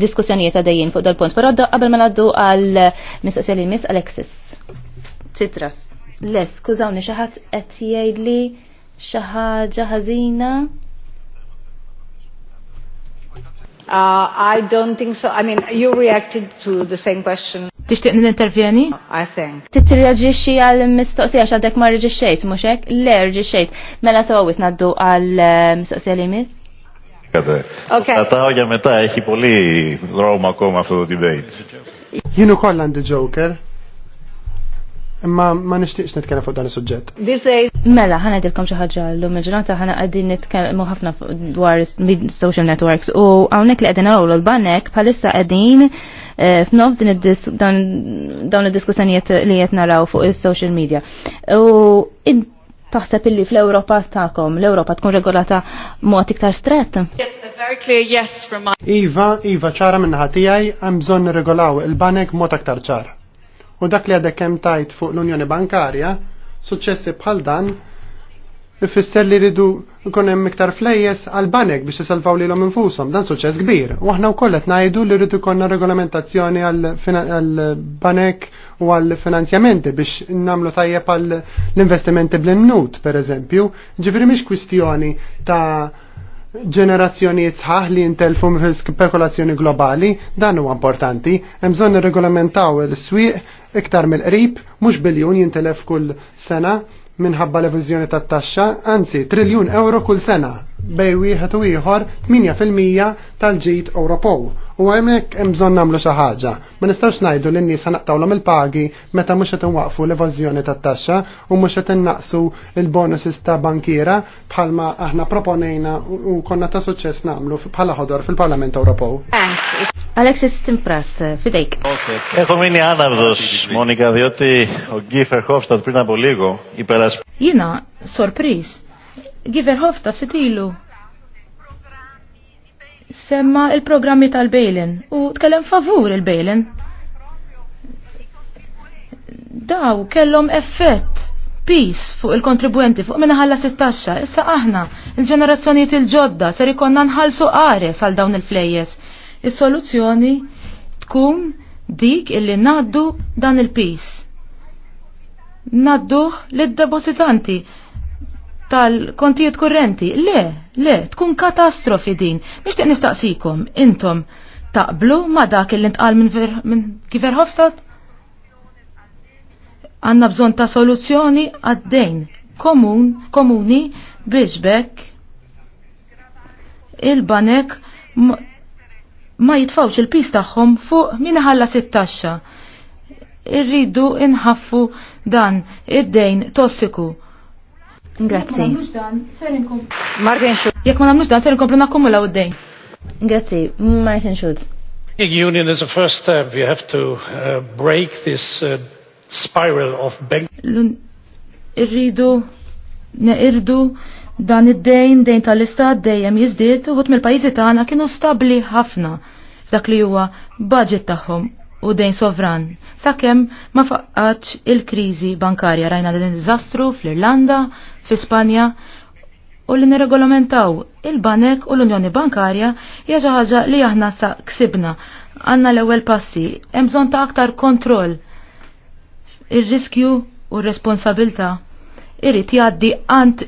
Speaker 1: diskussjonijiet għadajin fuq dal-punt. Però qabel ma mela naddu għal-mistoqsija li jmess, Alexis. Citras. Les, skużawni, xaħat qed jgħidli xaħġa ħazina? Uh, I don't think so. I mean, you
Speaker 5: reacted to the same question. Tixtieq intervjeni I think. xie għal
Speaker 1: mistoqsija għadek ma reġixxejt mhux hekk? Le xejt. Mela sa' għawis naddu għal ehm,
Speaker 3: mistoqsija li mis? Ok.
Speaker 2: Għataw ja meta eħi poli Roma koma fil
Speaker 3: dibejt. Jinu koll għandi Joker. Imma ma nixtieqx nitkellem fuq dan is-suġġett.
Speaker 1: Mela ħana dilkom xi ħaġa llum il-ġurnata ħana qegħdin nitkellmu ħafna dwar social networks u hawnhekk li qegħdin nagħmlu l-banek bħalissa qegħdin Eh, f'nofs dawn id-diskussjonijiet li qed naraw fuq is-social media. U taħseb illi fl-Ewropa tagħkom, l-Ewropa tkun regolata
Speaker 3: mod iktar strett? Iva, Iva ċara minnaħa tiegħi hemm bżonn nirregolaw il-banek mod aktar ċar. U dak li għadek kem tajt fuq l-Unjoni Bankarja, suċċessi bħal dan ifisser li ridu nkun hemm iktar flejjes għal banek biex isalvaw lilhom infushom. Dan suċċess kbir. U aħna wkoll qed ngħidu li rridu konna regolamentazzjoni għal banek u għal finanzjamenti biex nagħmlu tajjeb għal l-investimenti bl-innut, per eżempju. Ġifieri miex kwistjoni ta' ġenerazzjonijiet sħaħ li jintelfu fil-spekulazzjoni globali, dan huwa importanti, hemm bżonn reglamentaw il-swieq iktar mill-qrib, mhux biljun jintelef kull sena minħabba l-eviżjoni tat-taxxa, anzi triljun euro kull sena bej wieħed u ieħor 8% tal-ġid Ewropew. U hemmhekk hemm bżonn nagħmlu xi ħaġa. Ma nistgħux ngħidu n nies ħanaqtawlhom il-pagi meta mhux qed inwaqfu l-evażjoni tat-taxxa u mhux qed innaqsu l-bonuses ta' bankiera bħalma aħna proponejna u konna ta' suċċess nagħmlu bħala ħodor fil-Parlament Ewropew.
Speaker 1: Alexis Timpras,
Speaker 5: fidejk.
Speaker 2: Eħu minni άναυδος, Μόνικα, Monika ο u Χόφστατ πριν από λίγο υπερασπίστηκε.
Speaker 5: Jina, sorpriz, Giver Hofstaf sitilu semma il-programmi tal-Bejlin u tkellem favur il-Bejlin. Daw kellom effett peace fuq il kontribuenti fuq minna ħalla 16 issa aħna il-ġenerazzjonijiet il-ġodda ser ikonna nħallsu għare għal dawn il-flejjes. Is-soluzzjoni tkun dik illi naddu dan il-peace. Nadduħ lid-depositanti tal-kontijiet kurrenti. Le, le, tkun katastrofi din. Nixtieq nistaqsikom, intom taqblu ma dak il intqal minn min Giver Hofstadt? Għanna bżon ta' soluzzjoni għaddejn komun, komuni biex il-banek ma, ma jitfawx il-pis tagħhom fuq min ħalla sittaxxa. Irridu inħaffu dan id-dejn tossiku Grazzi. Martin Jek ma namnux dan, ser inkomplu nakkumula u d-dejn. Grazzi, Martin Schulz.
Speaker 4: Union is the first step. We have to uh, break this uh, spiral of bank.
Speaker 5: Irridu, neqirdu, dan id-dejn, dejn tal-istat dejjem jizdiet għut mill-pajizi tagħna kienu stabli ħafna f'dak li huwa budget tagħhom u dejn sovran. Sakemm ma faqqatx il-kriżi bankarja rajna din diżastru fl-Irlanda, fi Spanja u li nirregolamentaw il-banek u l-Unjoni Bankarja hija ħaġa li aħna sa ksibna. Għandna l-ewwel passi, hemm bżonn ta' aktar kontroll. Ir-riskju u r-responsabilta irrid jgħaddi għant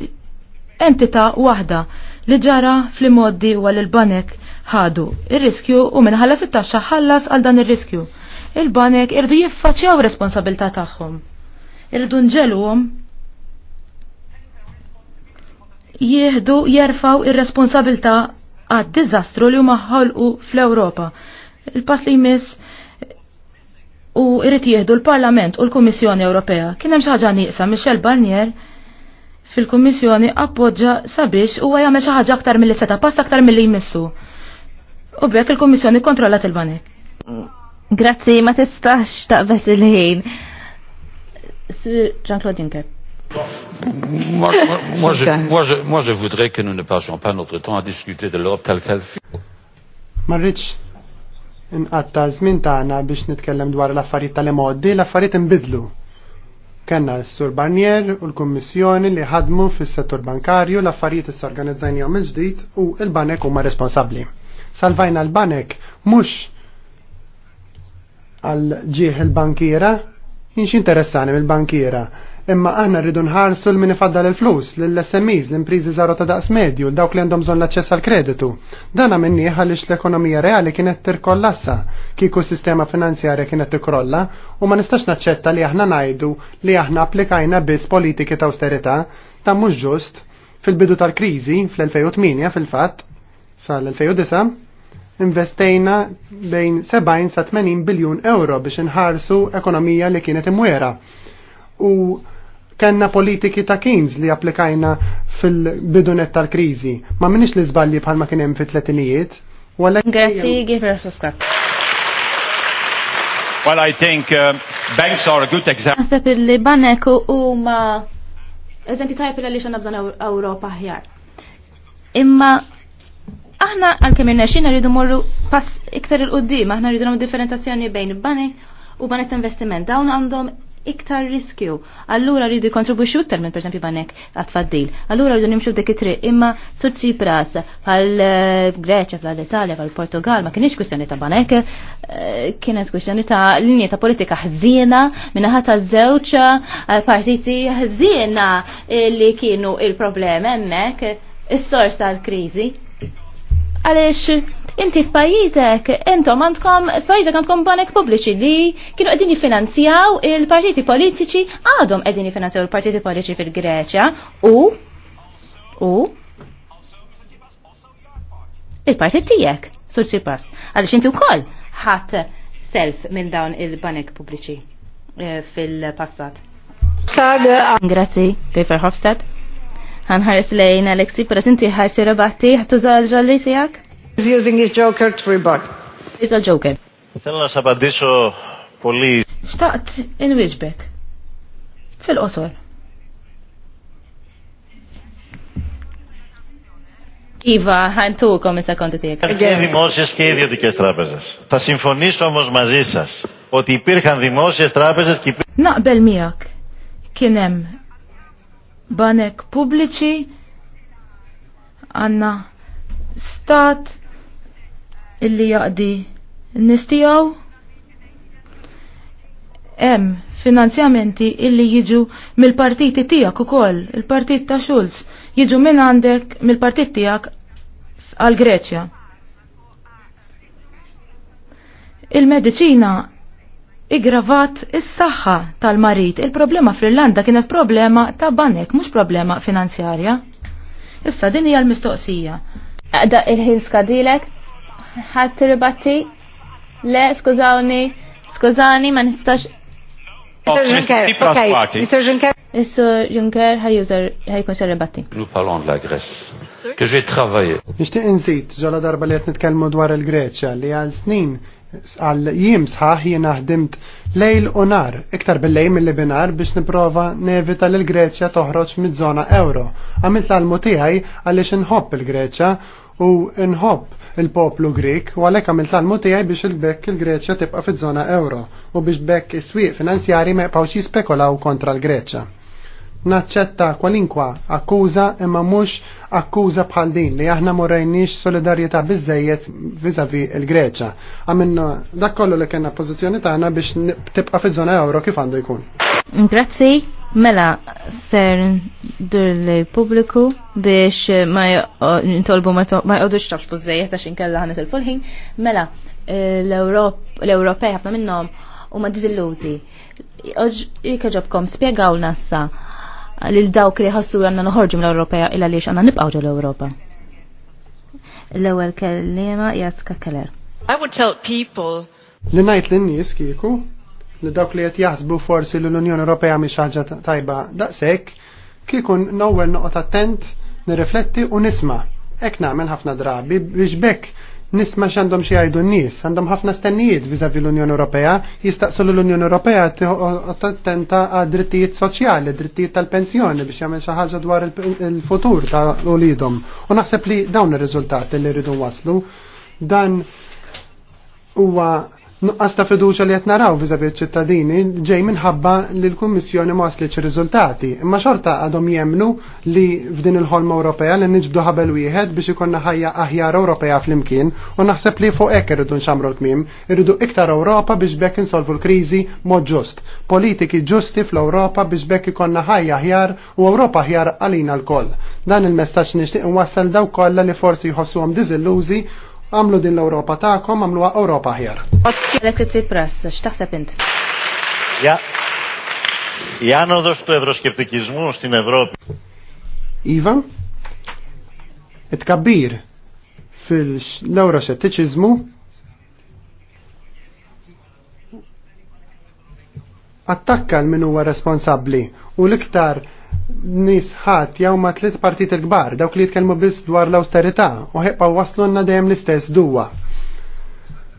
Speaker 5: entita waħda li ġara fl moddi u għal-banek ħadu il riskju u minħalla 16 ħallas għal dan ir-riskju. Il-banek irdu jiffaċjaw responsabilità tagħhom. Irdu nġeluhom jieħdu jerfaw ir-responsabilta għad dizastru li huma ħolqu fl-Ewropa. Il-pass li jmiss u irrit jieħdu l-Parlament u l-Kummissjoni Ewropea. Kien hemm xi ħaġa nieqsa Michel Barnier fil-Kummissjoni appoġġa sabiex huwa jagħmel xi ħaġa aktar milli seta' pass aktar milli jmissu. U bekk il-Kummissjoni kontrollat il-banek. Grazzi, ma tistax taqbet il-ħin. Jean-Claude
Speaker 3: Juncker moi, moi, moi, je, moi, je, moi,
Speaker 4: je voudrais que nous ne passions pas notre temps à discuter de l'Europe telle qu'elle fut.
Speaker 3: Marriċ, inqatta żmien tagħna biex nitkellem dwar l-affarijiet tal-imoddi, l-affarijiet inbidlu. Kenna s-Sur Barnier u l-Kummissjoni li ħadmu fis-settur bankarju l-affarijiet issa organizzajnijhom il ġdid u l-banek huma responsabbli. Salvajna l-banek mhux għal ġieħ il-bankiera, jinx interessani mill-bankiera imma aħna rridu nħarsu l-min ifaddal il-flus, l-SMEs, l-imprizi zaru ta' daqs medju, l-dawk li għandhom zon l-aċċess għal kreditu. Dan għamenni għalix l-ekonomija reali kienet tirkollassa, kiku sistema finanzjarja kienet tikrolla, u ma nistax naċċetta li aħna najdu li aħna applikajna biss politiki ta' austerita, ta' mux ġust, fil-bidu tal-krizi, fl-2008 fil-fat, sal-2009, investejna bejn 70 sa 80 biljun euro biex nħarsu ekonomija li kienet imwera. U Kenna politiki ta' Keynes li applikajna fil-bidunet tal-krizi. Ma minix li zballi bħalma kien hemm fit-tletinijiet. Grazzi, Gifer Suskat.
Speaker 4: Well, I think uh, banks are a good example.
Speaker 3: Nasib li banek u
Speaker 1: ma eżempju tajb li xanna bżon Ewropa ħjar. Imma aħna għal-kemm xina rridu morru pass iktar il qoddim aħna rridu nagħmlu differenzazzjoni bejn il u banek ta' investiment. Dawn għandhom iktar riskju. Allura rridu jkontribwixxu iktar minn pereżempju banek għatfaddil. Allura rridu nimxu dik it-triq imma sur pras bħal-Greċja, eh, bħal-Italja, għal portugal ma kienx kwistjoni ta' banek, eh, kienet kwistjoni ta' linja ta' politika ħżiena minnaħa ta' żewġ eh, partiti ħżiena li kienu il-problem hemmhekk is-sors tal-kriżi. Għaliex Inti f'pajjiżek, intom għandkom, f'pajjiżek għandkom banek pubbliċi li kienu qegħdin jiffinanzjaw il-partiti politiċi, għadhom qegħdin jiffinanzjaw il-partiti politiċi fil-Greċja u u il-partit tiegħek, sur pass. Għaliex inti wkoll ħadd self minn dawn il-banek pubbliċi eh, fil-passat. Grazzi, Kajfer Hofstad ħanħares lejn Alexi, prezinti ħarsi ħajti rabatti,
Speaker 5: ħattuża l
Speaker 1: He's using his joker to rebut. He's a joker.
Speaker 2: Θέλω να σας απαντήσω πολύ.
Speaker 5: Στάτ, in Wisbeck. Wisbek. Fil-qosor.
Speaker 1: Iva, ħantukom is-sekondi tiegħek. Και
Speaker 2: δημόσιες και ιδιωτικές τράπεζες. Θα συμφωνήσω όμως μαζί σας ότι υπήρχαν δημόσιες τράπεζες και υπήρχαν...
Speaker 5: Naqbel miegħek kien hemm banek pubbliċi għandna stat illi jaqdi nistijaw hemm finanzjamenti illi jiġu mill-partiti tiegħek ukoll, il-partit ta' Schulz, jiġu minn għandek mill-partit tiegħek għal Greċja. Il-mediċina igravat is-saħħa tal-marit. Il-problema fl-Irlanda kienet problema ta' banek, mhux problema finanzjarja. Issa din hija l-mistoqsija. Da il-ħin skadilek? ħadd ribatti? Le,
Speaker 1: skużawni, skużani, ma nistax.
Speaker 2: Oh,
Speaker 4: Mr.
Speaker 1: Juncker, Mr. Juncker ħajkun ser ribatti.
Speaker 4: Nous parlons de la Grèce. Que j'ai travaillé.
Speaker 3: Nixtieq inżid ġola darba li qed nitkellmu dwar il-Greċja li għal snin għal jiem sħaħ jiena ħdimt lejl u nar, iktar bil-lejl mill binar biex niprofa nevita l-Greċja toħroġ mid-żona euro. Għamilt l-almu tiegħi għaliex inħobb il-Greċja u nħobb il-poplu Grek u għalek għamil talmu tiegħi biex il-bekk il-Greċja tibqa' fi żona euro u biex bekk is-swieq finanzjari ma jibqgħux jispekolaw kontra l-Greċja. Naċċetta kwalinkwa akkuża imma mhux akkuża bħal din li aħna morrejniex solidarjetà biżejjed viżavi il-Greċja. Għamilna dak kollu li kellna pożizzjoni tagħna biex tibqa' fi żona euro kif għandu jkun.
Speaker 1: Grazzi, mela ser dur li publiku biex eh, ma jintolbu ma jodux tafx buzzejiet għax inkella ħanet il-fulħin, mela eh, l europej ħafna minnom u ma dizilluzi. Ikħġobkom spiegaw nassa lil dawk li ħassu għanna noħorġu mill europej illa li għanna nibqaw ġol europa L-ewel kellima Jaska Keller.
Speaker 2: I would tell people.
Speaker 3: Li najt l-nies kieku li dawk li qed jaħsbu forsi li l-Unjoni Ewropea mhix ħaġa tajba daqshekk kikun nowel noqgħod attent nirrifletti u nisma' hekk nagħmel ħafna drabi biex bekk nisma' x'għandhom xi jgħidu n-nies, għandhom ħafna stennijiet viżavi l-Unjoni Ewropea, jistaqsu l-Unjoni Ewropea attenta għad drittijiet soċjali, drittijiet tal-pensjoni biex jagħmel xi ħaġa dwar il-futur ta' ulidhom. U naħseb li dawn ir-riżultati li rridu waslu dan huwa Nuqqas ta' fiduċa li qed naraw viżavi ċittadini ġej minħabba li l-Kummissjoni ma waslitx riżultati, imma xorta għadhom jemnu li f'din il-ħolma Ewropea li niġbdu ħabel wieħed biex ikonna ħajja aħjar Ewropea flimkien u naħseb li fuq hekk irridu nxamru l-kmim, irridu iktar Ewropa biex bekk insolvu l-kriżi mod ġust, politiki ġusti fl-Ewropa biex bekk ikonna ħajja aħjar u Ewropa aħjar għalina l-koll. Dan il-messaġġ nixtieq wassal daw kollha li forsi jħossuhom diżillużi għamlu din l-Ewropa tagħkom għamluha Ewropa aħjar.
Speaker 2: Alexis
Speaker 1: Tsipras, x'taħseb int?
Speaker 3: Ja. Η άνοδος του
Speaker 2: ευρωσκεπτικισμού στην Ευρώπη.
Speaker 3: Iva, it-kabbir fil-eurosettiċizmu attakka l-min huwa responsabbli u l-iktar nis ħadd jew ma tliet partit il-kbar dawk li jitkellmu biss dwar l-awsterità u ħeqgħu waslunna dejjem l-istess duwa.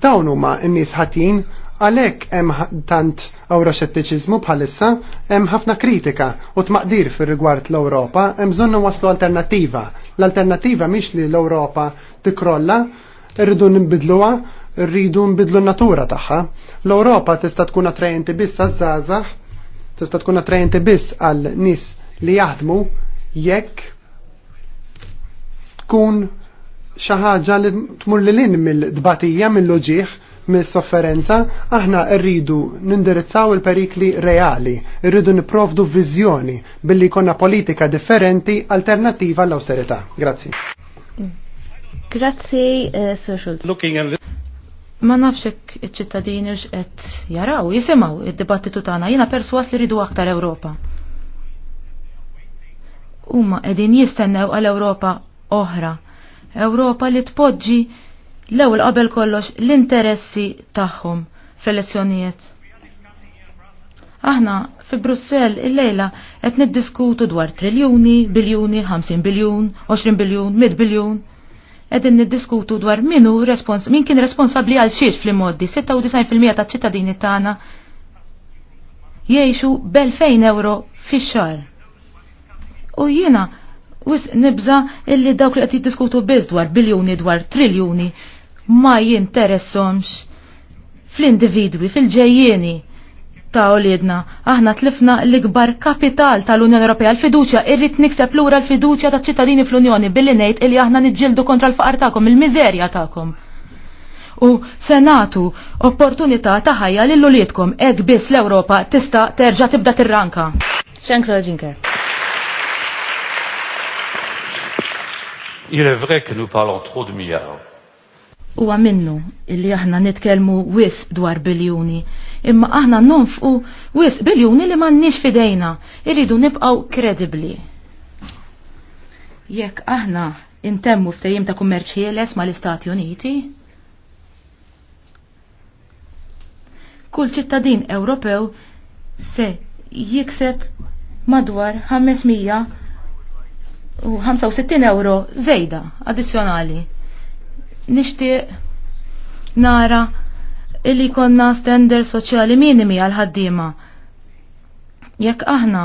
Speaker 3: Dawn huma n-nies ħatin għalhekk hemm tant awra xettiċiżmu bħalissa hemm ħafna kritika u tmaqdir fir-rigward l-Ewropa hemm bżonn waslu alternattiva. L-alternattiva mhix li l-Ewropa tikrolla, irridu nbidluha, rridu nbidlu n-natura tagħha. L-Ewropa tista' tkun attrajenti biss għaż-żgħażagħ, tista' tkun attrajenti biss għal nies li jaħdmu jekk tkun xi ħaġa li tmur li lin mill-dbatija mill-loġieħ mis-sofferenza, aħna rridu nindirizzaw il-perikli reali, rridu niprovdu viżjoni billi konna politika differenti alternativa l-austerità. Grazzi.
Speaker 5: Grazzi, uh, Sir nafx Ma nafxek iċ-ċittadini x'qed jaraw, jisimgħu id-dibattitu tagħna, jiena perswas li rridu aktar Ewropa huma qegħdin jistennew għal Ewropa oħra. Ewropa li tpoġġi l-ewwel qabel kollox l-interessi tagħhom fl-elezzjonijiet. Aħna fi Brussell illejla qed niddiskutu dwar triljuni, biljuni, 50 biljun, 20 biljun, 100 biljun. Qegħdin niddiskutu dwar minu respons min kien responsabbli għal xiex fl-immoddi, 96% taċ-ċittadini tagħna jgħixu b'2000 euro fix-xahar u jiena wis nibża illi dawk li qed jiddiskutu biss dwar biljuni dwar triljuni ma jinteressomx fl-individwi fil-ġejjieni ta' olidna. Aħna tlifna l-ikbar kapital tal-Unjoni Ewropea l-fiduċja, irrit nikseb lura l-fiduċja ta' ċittadini fl-Unjoni billi ngħid illi aħna niġġieldu kontra l-faqar tagħkom, il-miżerja tagħkom. U senatu opportunità ta' ħajja lil uliedkom hekk biss l-Ewropa tista' terġa' tibda tirranka. Xenkra Ġinker.
Speaker 4: Il est vrai que nous parlons trop de milliards.
Speaker 5: Huwa minnu illi aħna nitkellmu wis dwar biljuni, imma aħna nonfqu wis biljuni li m'għandniex fidejna, irridu nibqgħu kredibbli. Jekk aħna intemmu ftehim ta' kummerċ ma mal-Istati Uniti, kull ċittadin Ewropew se jikseb madwar 500 u 65 euro zejda addizjonali. Nishti nara illi konna standard soċjali minimi għal ħaddiema. Jekk aħna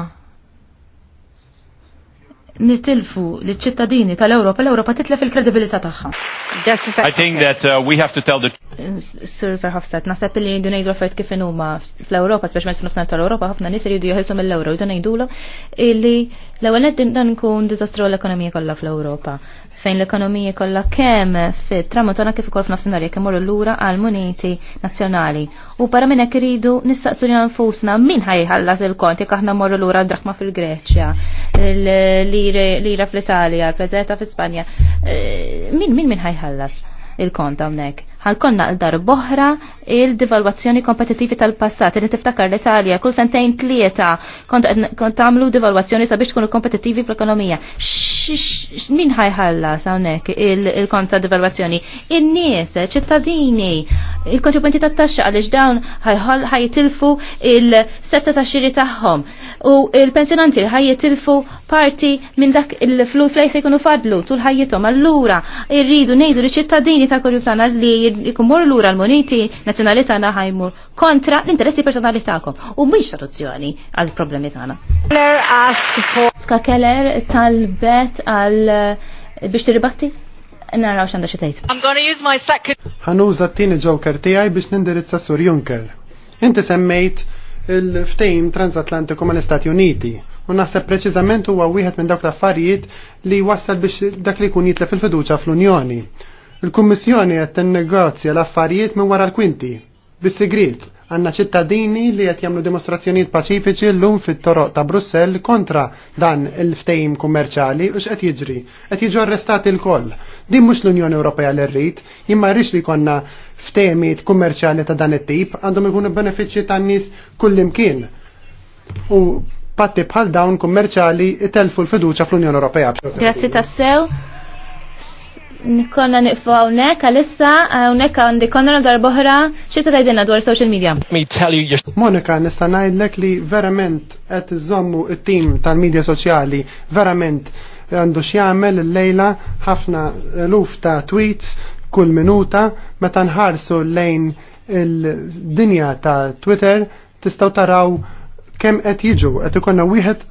Speaker 5: nitilfu li ċittadini tal-Europa, l-Europa titlef il-kredibilità tagħha.
Speaker 2: I think that uh, we have to tell the
Speaker 5: Sir Verhofstadt, naħseb li
Speaker 1: nejdu l affarijiet kif huma fl-Ewropa, speċjalment f'nofsinhar tal europa ħafna nies iridu jeħilsu mill-ewro, jridu ngħidulhom illi l-ewwel dan ikun diżastru l-ekonomija kollha fl-Ewropa fejn l-ekonomija kollha kemm fit-tramuntana kif ukoll f'nofsinhar jekk imorru lura għal muniti nazzjonali. U para minn hekk iridu nistaqsu nfusna min ħajħallas il-kont jekk aħna morru lura drakma fil-Greċja, lira fl-Italja, l-preżeta fl-Ispanja. Eh, min min min ħajħallas il-kont hawnhekk? ħankonna l-dar boħra il divalwazzjoni kompetitivi tal-passat. Li tiftakar l-Italja kull sentejn tlieta kont tagħmlu divalwazzjoni sabiex tkunu kompetitivi fl-ekonomija. Min ħajħalla hawnhekk il-kont ta' In-nies, ċittadini, il-kontribwenti tat-taxxa għaliex dawn ħajtilfu il-setta ta' xiri tagħhom. U il-pensjonanti ħajtilfu parti minn dak il-flus lejsa jkunu fadlu tul ħajjithom. Allura irridu ngħidu li ċittadini ta' korjub tagħna li l lura l-moniti nazzjonali tagħna ħajmur kontra l-interessi personali tagħkom u mhix soluzzjoni għal problemi tagħna. Ska Keller talbet għal eh, biex tiribatti?
Speaker 3: Naraw x'għandha xi tgħid.
Speaker 2: I'm gonna use my second.
Speaker 3: Ħanuża t-tieni joker tiegħi biex nindirizza Sur Juncker. Inti semmejt il ftejn transatlantiku ma l-Istati Uniti. U naħseb preċiżament huwa wieħed minn dawk l-affarijiet li wassal biex dak li jkun jitlef il-fiduċa fl-Unjoni. Il-Kummissjoni qed tinnegozja l-affarijiet minn wara l-kwinti, bis-sigriet, għandna ċittadini li qed jagħmlu dimostrazzjonijiet paċifiċi llum fit-toroq ta' Brussell kontra dan il-ftejim kummerċali u x'qed jiġri. Qed jiġu arrestati l-koll. Din mhux l-Unjoni Ewropea l rrid imma rix li konna ftejmiet kummerċali ta' dan it-tip għandhom ikunu benefiċċji tan-nies kullimkien. U patti bħal dawn kummerċali itelfu l-fiduċa fl-Unjoni Ewropea. Grazzi
Speaker 1: tassew. Konna niqfu għawnek, għalissa għawnek għandi konna darboħra, ta' tajdinna dwar social
Speaker 3: media. Monika, nista najdlek li verament għet zommu il-tim tal-medja soċjali, verament għandu xjamel l-lejla ħafna luf ta' tweets kull minuta, meta nħarsu lejn il-dinja ta' Twitter, tistaw taraw kem qed jiġu, qed ikonna wieħed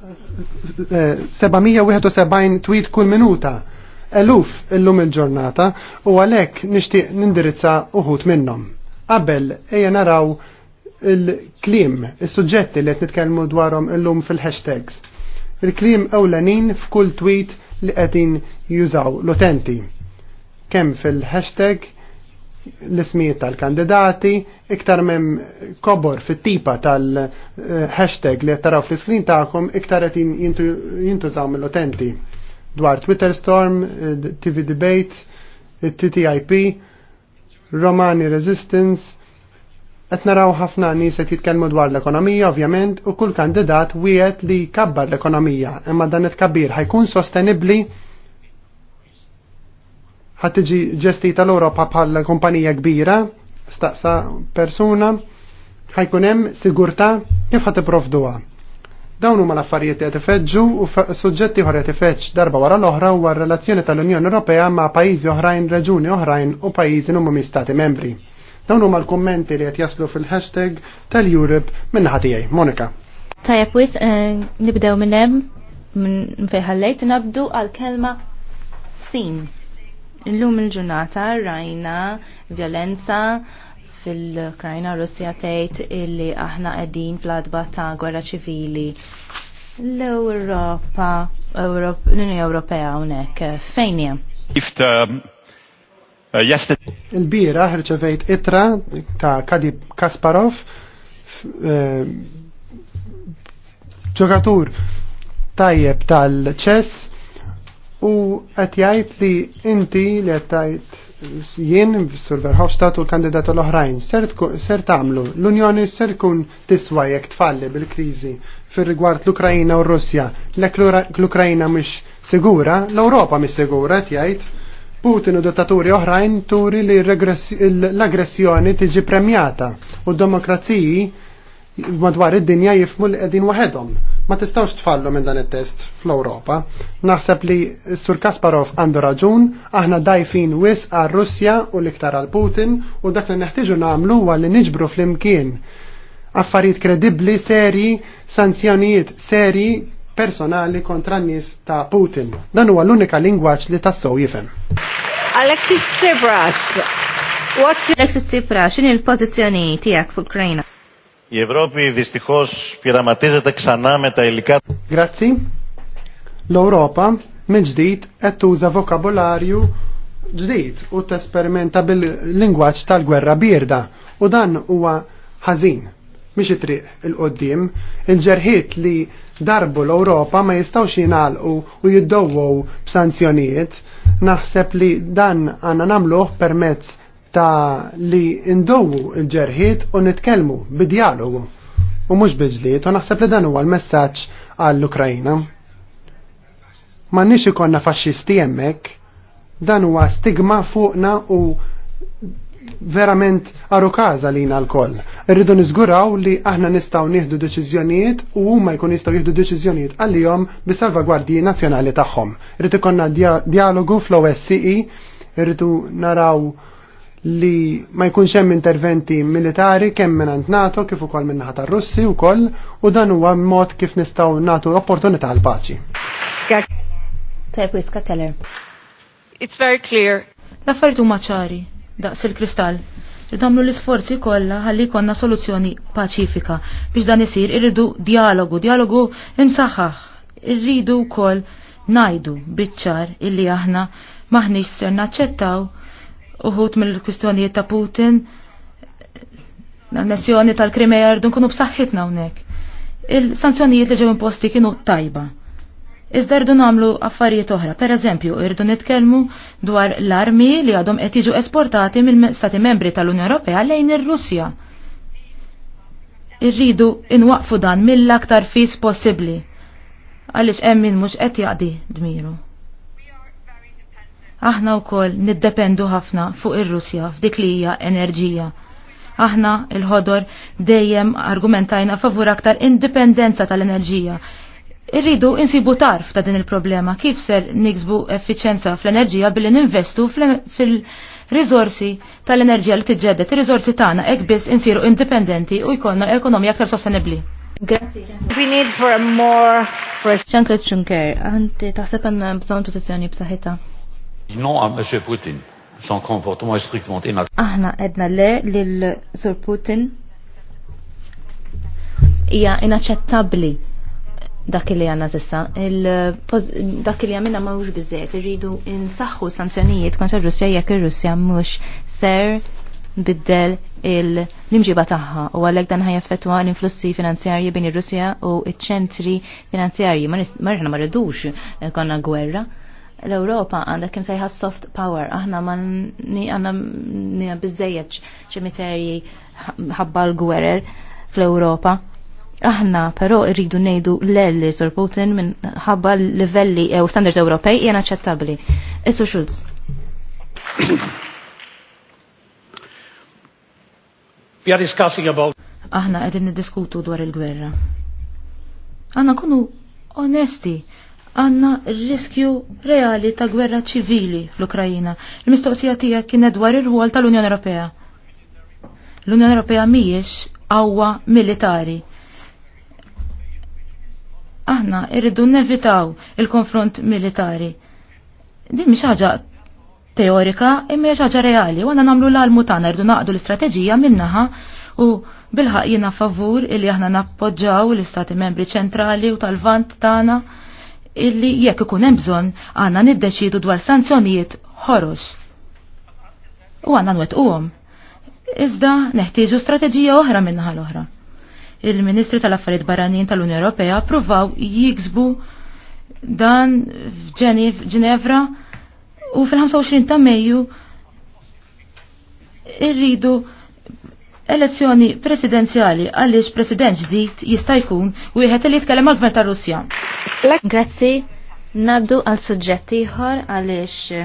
Speaker 3: 771 eh, tweet kull minuta eluf illum il-ġurnata u għalhekk nixtieq nindirizza uħut minnhom. Qabel ejja naraw il-klim, il-suġġetti li qed nitkellmu dwarhom illum fil-hashtags. Il-klim ewlenin f'kull tweet li qegħdin jużaw l-utenti. Kemm fil-hashtag l-ismijiet tal-kandidati, iktar minn kobor fit-tipa tal-hashtag li qed taraw fl-iskrin tagħkom iktar qed jintużaw mill-utenti dwar Twitter Storm, eh, TV Debate, eh, TTIP, Romani Resistance, qed naraw ħafna nies qed jitkellmu dwar l-ekonomija ovvjament u kull kandidat wieħed li jkabbar l-ekonomija imma dan it-kabbir ħajkun sostenibbli ħad tiġi ġestita l-Ewropa bħala kumpanija kbira staqsa persuna ħajkun hemm sigurtà kif ħad tipprovduha. Dawn huma l-affarijiet qed ifeġġu u suġġetti oħra qed ifeġġ darba wara l-oħra huwa r-relazzjoni tal-Unjoni Ewropea ma' pajjiżi oħrajn, reġuni oħrajn u pajjiżi mi stati membri. Dawn huma l-kummenti li qed jaslu fil-hashtag tal-Europe minn tiegħi. Monika.
Speaker 1: Tajab wis, eh, nibdew minn hemm minn fejħallejt nabdu għal kelma sin. Illum il-ġurnata rajna violenza fil-Ukrajna Russja tgħid illi aħna qegħdin fl-adba ta' gwerra ċivili l-Ewropa l-Unjoni Ewropea hawnhekk fejn hija.
Speaker 4: Um,
Speaker 3: uh, Il-bira ħirċevejt itra ta' Kadib Kasparov, eh, ġogatur tajjeb tal-ċess u qed jgħid li inti li qed tajt jien Sur Verhofstadt u l-kandidat l-oħrajn ser tagħmlu l-Unjoni ser tkun tiswa jekk tfalli bil-kriżi fir rigward l-Ukrajina u r-Russja. Lek l-Ukrajina mhix sigura, l-Ewropa mhix sigura tjajt Putin u dittaturi oħrajn turi li l-aggressjoni tiġi premjata u d-demokraziji madwar id-dinja jifmu l-qegħdin waħedhom Ma tistawx tfallu minn dan it-test fl-Ewropa. Naħseb li Sur Kasparov għandu raġun, aħna dajfin wis għal Russja u l-iktar għal Putin u dak li neħtieġu nagħmlu huwa li niġbru flimkien affarijiet kredibbli seri, sanzjonijiet seri personali kontra n-nies ta' Putin. Dan huwa l-unika lingwaġġ li tassew jifhem.
Speaker 1: Alexis Tsipras, what's Alexis Tsipras, x'inhi l-pożizzjoni tiegħek fuq
Speaker 3: Ukraina?
Speaker 2: Η Ευρώπη πειραματίζεται ξανά με τα υλικά.
Speaker 3: l minn ġdid qed tuża vokabolarju ġdid u tesperimenta bil-lingwaġġ tal-gwerra bierda u dan huwa ħażin mhix it-triq il-qoddim il-ġerħiet li darbu l-Ewropa ma jistawx jingħalqu u jiddowwow b'sanzjonijiet naħseb li dan għandna nagħmluh permezz ta' li indowu il-ġerħiet u nitkellmu bid-dialogu u mhux biġliet u naħseb li dan huwa l-messaġġ għall-Ukrajna. nix ikonna faxxisti hemmhekk, dan huwa stigma fuqna u verament arukaza li jina l-koll. Irridu nizguraw li aħna nistaw nieħdu deċiżjonijiet u huma jkun jistgħu jieħdu deċiżjonijiet għal-jom bis-salvagwardji nazjonali tagħhom. Irridu konna dialogu fl-OSCE, irridu naraw li ma jkunx hemm interventi militari kemm minn NATO kif ukoll minn naħa tar-Russi wkoll u dan huwa mod kif nistgħu nagħtu opportunità għal paċi.
Speaker 5: Teller. It's very clear. L-affarijiet huma ċari daqs il-kristall. damlu l-isforzi kollha ħalli jkollna soluzzjoni paċifika biex dan isir irridu dialogu, dialogu imsaħħaħ. Irridu wkoll ngħidu biċ-ċar illi aħna maħniex ser naċċettaw uħut mill-kwistjonijiet ta' Putin, l-annessjoni tal-Krimeja rridu nkunu b'saħħitna hawnhekk. Il-sanzjonijiet li ġew imposti kienu tajba. Iżda rridu nagħmlu affarijiet oħra, pereżempju, rridu nitkellmu dwar l-armi li għadhom qed jiġu esportati mill-Stati Membri tal-Unjoni Ewropea lejn ir-Russja. Irridu inwaqfu dan mill-aktar fis possibbli għaliex hemm min mhux qed jaqdi dmiru. Aħna wkoll niddependu ħafna fuq ir-Russja f'dik li hija enerġija. Aħna il-ħodor dejjem argumentajna favur aktar indipendenza tal-enerġija. Irridu insibu tarf ta' din il-problema kif ser niksbu effiċenza fl-enerġija billi ninvestu fil-rizorsi tal-enerġija li tiġġedet, ir-rizorsi tagħna hekk biss insiru indipendenti u jkollna ekonomija aktar sostenibbli.
Speaker 1: Grazie. We need for a more... Ċanka ċunker, għanti taħseb għanna bżon pozizjoni b'saħħita.
Speaker 4: Non għam Putin, son comportement est strictement inaċċettabbli.
Speaker 1: Aħna edna le lil Sir Putin hija inaċċettabbli dak li għanna sissa. Dak li għamilna mawx bizzet, irridu insaxħu sanzjonijiet kontra Russja jek ir-Russja mhux ser biddel l-imġiba taħħa u għalek dan ħaj effettua l-influssi finanzjarji bini ir-Russja u iċ-ċentri finanzjarji. Marħna ma rridux konna gwerra l-Europa għandha kim sejħa soft power, aħna ma għanna nina bizzejjeċ ċimiterji ħabbal l-gwerer fl-Europa. Aħna però rridu nejdu l-elli Sir Putin minn ħabba livelli eh, u standards Ewropej jena ċettabli. Issu Schulz.
Speaker 4: We are discussing about.
Speaker 5: Aħna qegħdin niddiskutu dwar il-gwerra. Aħna kunu onesti għanna riskju reali ta' gwerra ċivili fl-Ukrajina. Il-mistoqsija tijak kienet dwar ir ruol tal-Unjoni Ewropea. L-Unjoni Ewropea miex għawa militari aħna irridu nevitaw il-konfront militari. Din mhix ħaġa teorika, imma hija ħaġa reali. Wana nagħmlu l-almu tagħna irridu naqdu l-istrateġija minnaħa u bilħaq jiena favur illi aħna nappoġġaw l-istati membri ċentrali u tal-vant tagħna illi jekk ikun hemm bżonn għandna niddeċiedu dwar sanzjonijiet ħorox. U għandna nwettquhom. Iżda neħtieġu strateġija oħra minnaħa l-oħra. Il-Ministri tal-Affarijiet Barranin tal-Unjoni Ewropea pruvaw jiksbu dan f'Ġenevra u fil-25 ta' Mejju irridu elezzjoni presidenzjali għaliex president ġdid jista' jkun wieħed li jitkellem għal gvern ta' Russja. Grazzi, naddu għal suġġett ieħor għaliex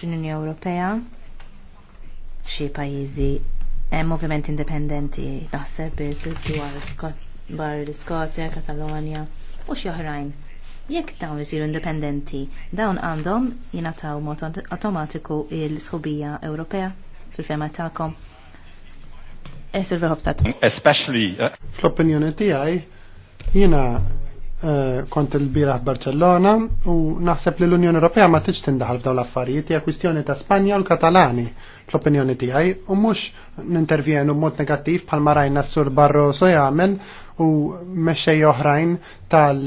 Speaker 5: l-Unjoni
Speaker 1: Ewropea xi pajjiżi hemm moviment indipendenti naħseb dwar bar l-Iskozja, Katalonja u xi oħrajn. Jekk dawn isiru indipendenti, dawn għandhom jingħataw mod automatiku il-sħubija Ewropea fil-fema tagħkom
Speaker 3: Eh, Verhofstadt. Especially. Uh, fl-opinjoni tiegħi jiena uh, kont il-biraħ Barcellona u naħseb li l-Unjoni Ewropea ma tiċ tindaħal f'daw l-affarijiet hija kwistjoni ta' Spanja u l-Katalani fl-opinjoni tiegħi u mhux nintervjenu mod negattiv bħalma rajna s-sur Barroso jagħmel u mexxej oħrajn tal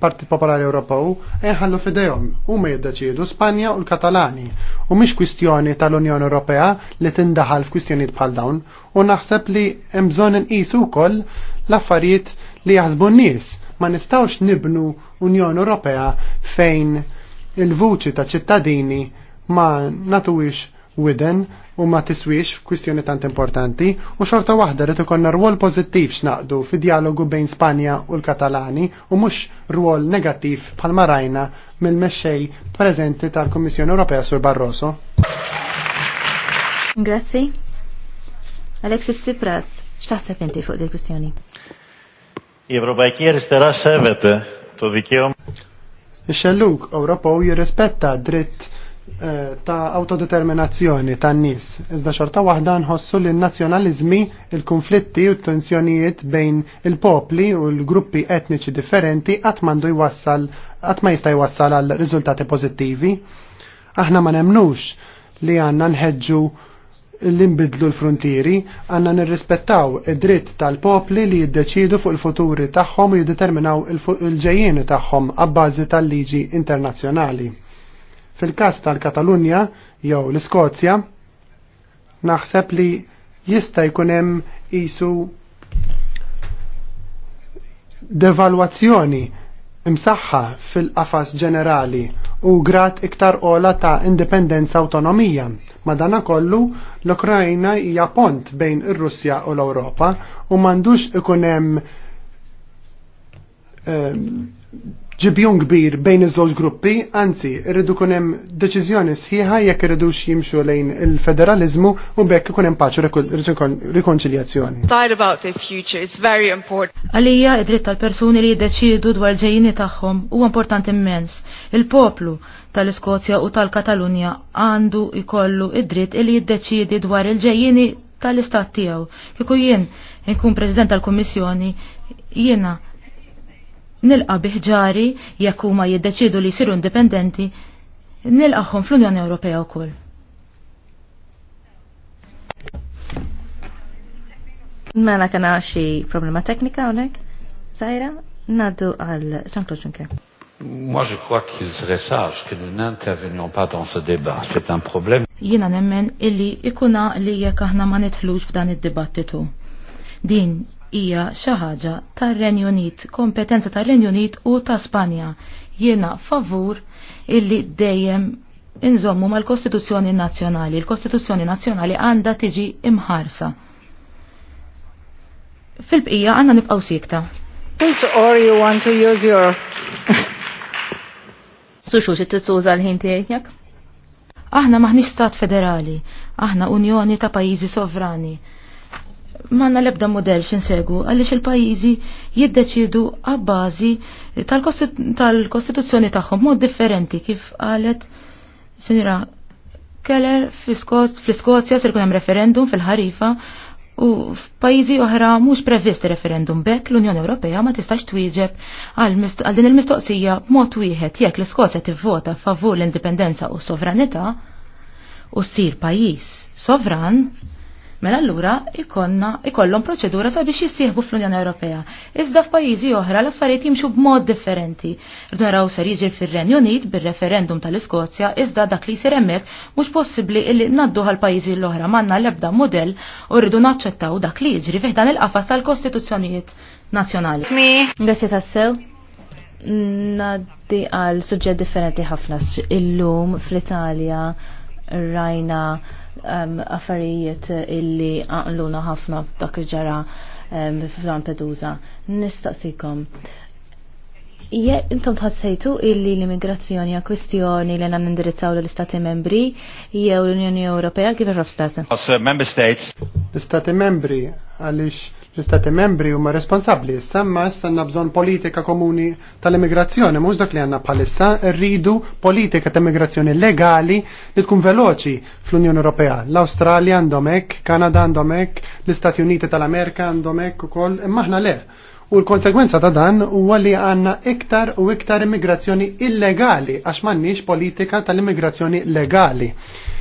Speaker 3: Partit Popolari Ewropew eħallu fidejhom huma jiddeċiedu Spanja u l-Katalani u mhix kwistjoni tal-Unjoni Ewropea li tindaħal f'kwistjonijiet bħal dawn u naħseb li hemm bżonn inqisu wkoll l-affarijiet li jaħsbu n-nies ma nistgħux nibnu Unjoni Ewropea fejn il-vuċi ta' ċittadini ma natuwix widen u ma tiswix f'kwistjoni tant importanti u xorta waħda rritu konna rwol pozittiv x'naqdu fid-dialogu bejn Spanja u l-Katalani u mhux rwol negattiv bħalma rajna mill-mexxej prezenti tal-Kummissjoni Ewropea Sur Barroso.
Speaker 1: Grazzi. Alexis Tsipras, x'taħseb
Speaker 3: inti fuq dil kwistjoni?
Speaker 2: Ewropejki jistera sevet to dikjom.
Speaker 3: Ix-xelluk Ewropew dritt Eh, ta' autodeterminazzjoni ta' nis. Iżda xorta waħda nħossu li n-nazjonalizmi, il-konflitti u t-tensjonijiet bejn il-popli u l-gruppi etniċi differenti għatmandu jwassal, għatma jista' jwassal għal riżultati pozittivi. Aħna ma nemnux li għanna nħedġu l-imbidlu l-frontieri, għanna nirrispettaw id-dritt tal-popli li jiddeċidu fuq il-futuri tagħhom u jiddeterminaw il-ġejjeni tagħhom għabbażi tal-liġi internazzjonali Fil-każ tal-Katalunja jew l-Iskozja, naħseb li jista' jkun hemm isu devalwazzjoni imsaħħa fil-qafas ġenerali u grat iktar ola ta' indipendenza autonomija. Madana kollu l-Ukrajna hija pont bejn ir-Russja u l-Ewropa u m'għandux ikun hemm eh, ġibjon kbir bejn iż-żewġ gruppi, anzi irridu kun hemm deċiżjoni sħiħa jekk irridux jimxu lejn il-federalizmu u bekk ikun hemm paċu rikonċiljazzjoni.
Speaker 5: about future very important. Għalija id-dritt tal-persuni li jiddeċidu dwar ġejjini tagħhom huwa importanti immens. Il-poplu tal-Iskozja u tal-Katalunja għandu jkollu id-dritt li jiddeċidi dwar il-ġejjini tal-istat tiegħu. Kieku jien nkun President tal-Kummissjoni, jiena nilqa biħġari jekk huma jiddeċidu li jsiru indipendenti, nilqaħħom fl-Unjoni Ewropea wkoll. Mela
Speaker 1: kena xi problema teknika hawnhekk? Zajra, naddu għal San Claude Juncker.
Speaker 4: Moi, je crois qu'il serait sage que nous n'intervenions pas dans ce débat. C'est un problème.
Speaker 5: Jina nemmen illi ikuna li jekk aħna ma nitħlux f'dan id-dibattitu. Din hija xi ħaġa tar-Renju Unit, kompetenza tar-Renju Unit u ta' Spanja. Jiena favur illi dejjem inżommu mal-Kostituzzjoni Nazzjonali. Il-Kostituzzjoni Nazzjonali għandha tiġi imħarsa. Fil-bqija għandna nibqgħu sikta. Or you want to use your...
Speaker 1: Suxu xi tittuża l-ħin tiegħek?
Speaker 5: Aħna maħniex stat federali, aħna unjoni ta' pajjiżi sovrani manna lebda model xinsegu għalix il-pajizi jiddeċidu għabbażi tal-kostituzzjoni tagħhom mod differenti kif qalet sinjura Keller fl-Skozja ser hemm referendum fil-ħarifa u f'pajjiżi oħra mhux previsti referendum bekk l-Unjoni Ewropea ma tistax twieġeb għal din il-mistoqsija mod wieħed jekk l skozja tivvota favur l-indipendenza u s sovranità u ssir pajjiż sovran Mela allura ikonna ikollhom proċedura sabiex jissieħbu fl-Unjoni Ewropea. Iżda f'pajjiżi oħra l-affarijiet jimxu b'mod differenti. Rdu naraw ser jiġri fir-Renju Unit bir-referendum tal-Iskozja iżda dak li jsir hemmhekk mhux possibbli illi nadduha għall pajjiżi l-oħra m'għandna l-ebda modell u rridu naċċettaw dak li jiġri fih dan il-qafas tal-kostituzzjonijiet nazzjonali. Grazzi tassew
Speaker 1: naddi għal suġġett differenti ħafna illum fl-Italja rajna Um, affarijiet illi għaqluna ħafna dak ġara um, f'Lampedusa. Nistaqsikom. Je, intom tħassajtu illi l-immigrazzjoni għal kwistjoni li għan indirizzaw l-Istati membri jew
Speaker 3: l-Unjoni Ewropea
Speaker 1: kif Verhofstadt?
Speaker 3: Member States. L-Istati membri għalix L-istati membri huma responsabbli semma issa għandna bżonn politika komuni tal-immigrazzjoni, mhux dak li għandna bħalissa rridu politika ta' immigrazzjoni legali li tkun veloċi fl-Unjoni Ewropea. L-Awstralja għandhom hekk, Kanada għandhom hekk, l-Istati Uniti tal-Amerika għandhom hekk ukoll, imma aħna le. U l-konsegwenza ta' dan huwa li għandna iktar u iktar immigrazzjoni illegali għax m'għandniex politika tal-immigrazzjoni legali.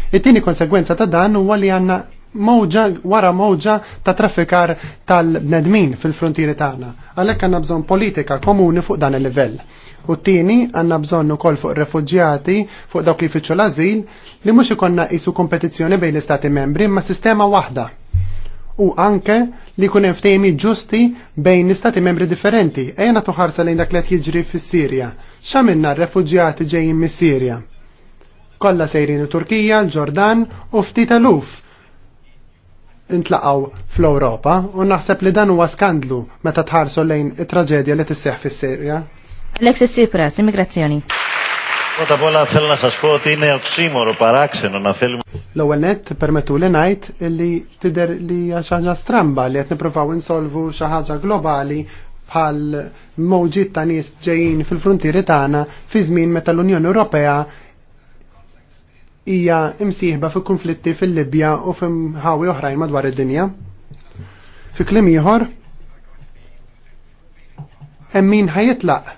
Speaker 3: It-tieni konsegwenza ta' dan huwa li għandna mowġa wara mowġa ta' traffikar tal-bnedmin fil-frontieri tagħna. Għalhekk għandna bżonn politika komuni fuq dan il-livell. U t-tieni għandna bżonn ukoll fuq refuġjati fuq dawk li fiċċu l-ażil li mhux ikonna qisu kompetizzjoni bejn l-istati membri ma' sistema waħda. U anke li kun hemm ftehimi ġusti bejn l-istati membri differenti ejja nagħtu ħarsa lejn dak li qed jiġri fis-Sirja. X'għamilna r-refuġjati ġejjin mis-Sirja? Kollha sejrin Turkija, l-Ġordan u ftit eluf intlaqaw fl-Ewropa u naħseb li dan huwa skandlu meta tħarsu lejn it-traġedja li tisseħ fis-Sirja. Alexis Tsipras, immigrazzjoni. L-ewwel net permettu li ngħid li tidher li xi ħaġa stramba li qed nippruvaw insolvu xi ħaġa globali bħal mowġiet ta' nies ġejjin fil-frontieri tagħna fi żmien meta l-Unjoni Ewropea hija imsieħba fi konflitti fil-Libja u f'imħawi oħrajn madwar id-dinja. Fi klim ieħor hemm min ħajitlaq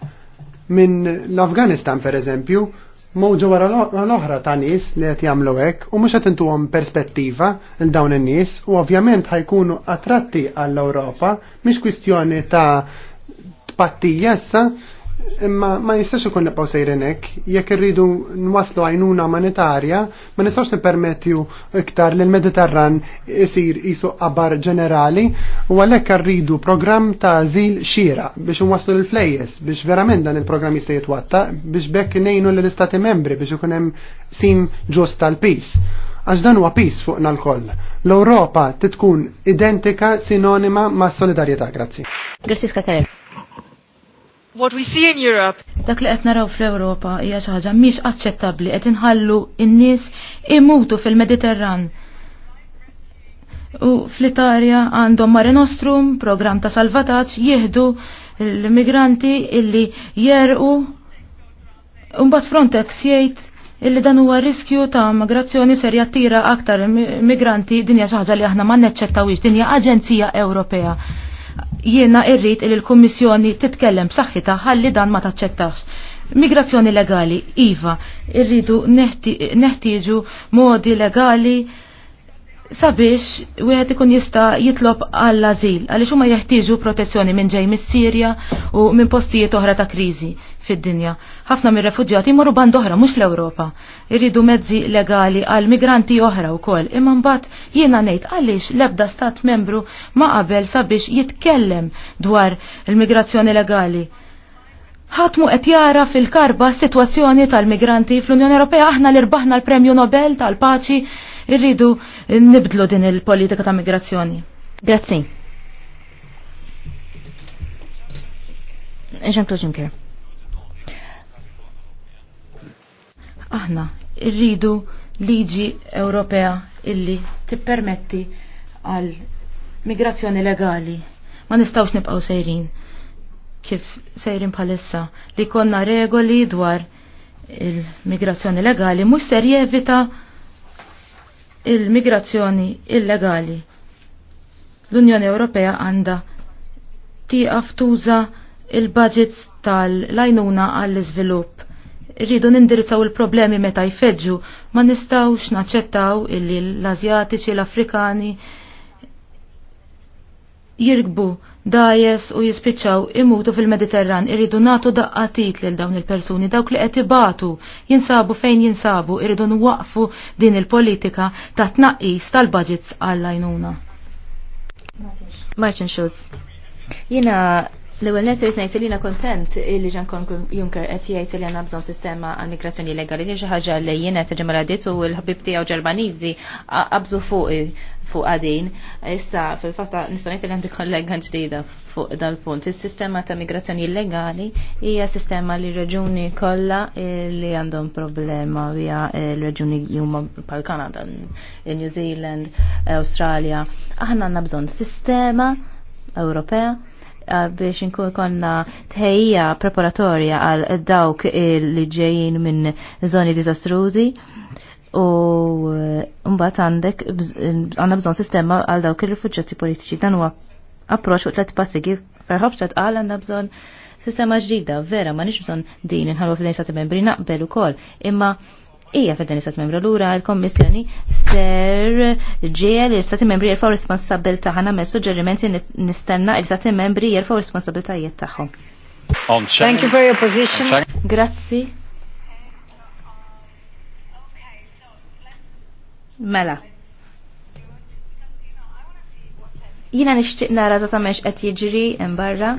Speaker 3: minn l-Afganistan pereżempju Mowġu wara l-oħra ta' nies li qed jagħmlu hekk u mhux qed intuhom perspettiva l dawn in-nies u ovvjament ħajkunu attratti għall-Ewropa mhix kwistjoni ta' tpattija issa Imma ma jistax ikun nibqgħu sejrin hekk, jekk irridu nwaslu għajnuna monetarja ma nistax nippermettju iktar li l-Mediterran isir isu qabar ġenerali u għalhekk rridu programm ta' żil xira biex nwaslu lil flejjes biex verament dan il-programm jista' jitwatta biex bekk ngħinu lill-Istati membri biex ikun hemm sim ġust tal peace għax dan huwa pis fuqna l-koll. L-Ewropa titkun identika sinonima ma' solidarjetà, grazzi. Grazzi skakarek
Speaker 5: what we see in Europe. Dak li qed naraw fl-Ewropa hija xi ħaġa mhix aċċettabbli qed inħallu n-nies imutu fil-Mediterran. U fl-Italja għandhom Mare Nostrum, programm ta' salvataġġ jieħdu l-immigranti illi jerqu u mbagħad Frontex jgħid illi dan huwa riskju ta' migrazzjoni serja tira aktar migranti dinja xi ħaġa li aħna ma neċċettawix dinja aġenzija Ewropea jiena irrit il l-Kummissjoni titkellem b'saħħitha ħalli dan ma taċċettax. Migrazzjoni legali, iva, irridu neħtieġu modi legali sabiex wieħed ikun jista' jitlob għall azil għaliex huma jeħtieġu protezzjoni minn ġej mis-Sirja u minn postijiet oħra ta' kriżi fid-dinja. Ħafna mir-refuġjati jmorru band oħra mhux fl-Ewropa. Irridu mezzi legali għal migranti oħra wkoll. Imma mbagħad jiena ngħid għaliex l-ebda stat membru ma qabel sabiex jitkellem dwar il-migrazzjoni legali ħatmu qed jara fil-karba s-sitwazzjoni tal-migranti fl-Unjoni Ewropea aħna li rbaħna l-Premju Nobel tal-Paċi irridu nibdlu din il-politika ta' migrazzjoni. Grazzi. Jean-Claude Juncker. Aħna irridu liġi Ewropea illi tippermetti għal migrazzjoni legali. Ma nistawx nibqaw sejrin kif sejrin bħalissa li konna regoli dwar il-migrazzjoni legali mhux ser jevita il-migrazzjoni illegali. L-Unjoni Ewropea għandha tieqaf tuża il-budgets tal-lajnuna għall-iżvilupp. Rridu nindirizzaw il-problemi meta jfeġġu, ma nistawx naċċettaw illi l-Azjatiċi, l-Afrikani jirkbu dajes u jispiċċaw imutu fil-Mediterran irridu natu daqqatit lil dawn il-persuni dawk li qed ibatu jinsabu fejn jinsabu irridu nwaqfu din il-politika ta' tnaqqis tal-budgets għall-għajnuna. Martin Schulz.
Speaker 1: Jina L-ewwel net irid ngħid li jiena kontent li Jean qed jgħid li għandna bżonn sistema għall migrazzjoni legali li xi ħaġa li jiena tiġi maladiet u l-ħbib tiegħu Ġermaniżi qabżu fuq fuq għadin. Issa, fil-fatta, nistanajt li għandi kollega ġdida fuq dal-punt. Il-sistema ta' migrazzjoni illegali hija sistema li reġuni kolla li għandhom problema via reġuni li huma pal kanada New Zealand, Australia. Aħna għandna bżonn sistema Ewropea eh, biex nkun konna tħejja preparatorja għal dawk li ġejjin minn zoni dizastrużi u uh, mbagħad għandek għandna bżonn sistema għal dawk ir-rifuġġjati politiċi dan huwa approċċ fuq tliet passigi ferħobċat qal għandna bżonn sistema ġdida, vera, ma nix bżonn din inħallu f'din sat membri naqbel ukoll, imma Ija fedden sat membru l-ura l-Kommissjoni ser ġiel l-istati membri jirfaw responsabilta ħana me suġġerimenti nistenna l-istati membri jirfaw responsabiltajiet tagħhom.
Speaker 4: Thank you for your position.
Speaker 1: Grazzi Mela. Jina nishtiq nara ta' tamex qed jiġri barra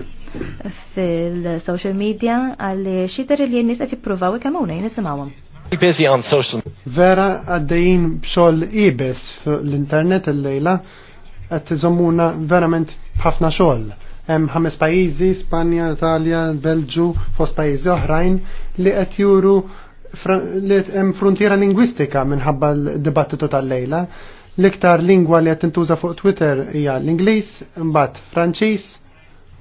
Speaker 1: fil-social media għal xiter li jennis nies qed jippruvaw ikemmuna jnisimgħuhom.
Speaker 3: Busy on social. Vera għaddejjin b'xogħol ibes l-internet illejla qed iżommuna verament b'ħafna xogħol. Hemm ħames pajizi, Spanja, Italja, Belġu, fost pajizi oħrajn li qed juru li hemm frontiera lingwistika minħabba l-dibattitu tal-lejla. L-iktar lingwa li qed tintuża fuq Twitter hija l-Ingliż, imbagħad Franċiż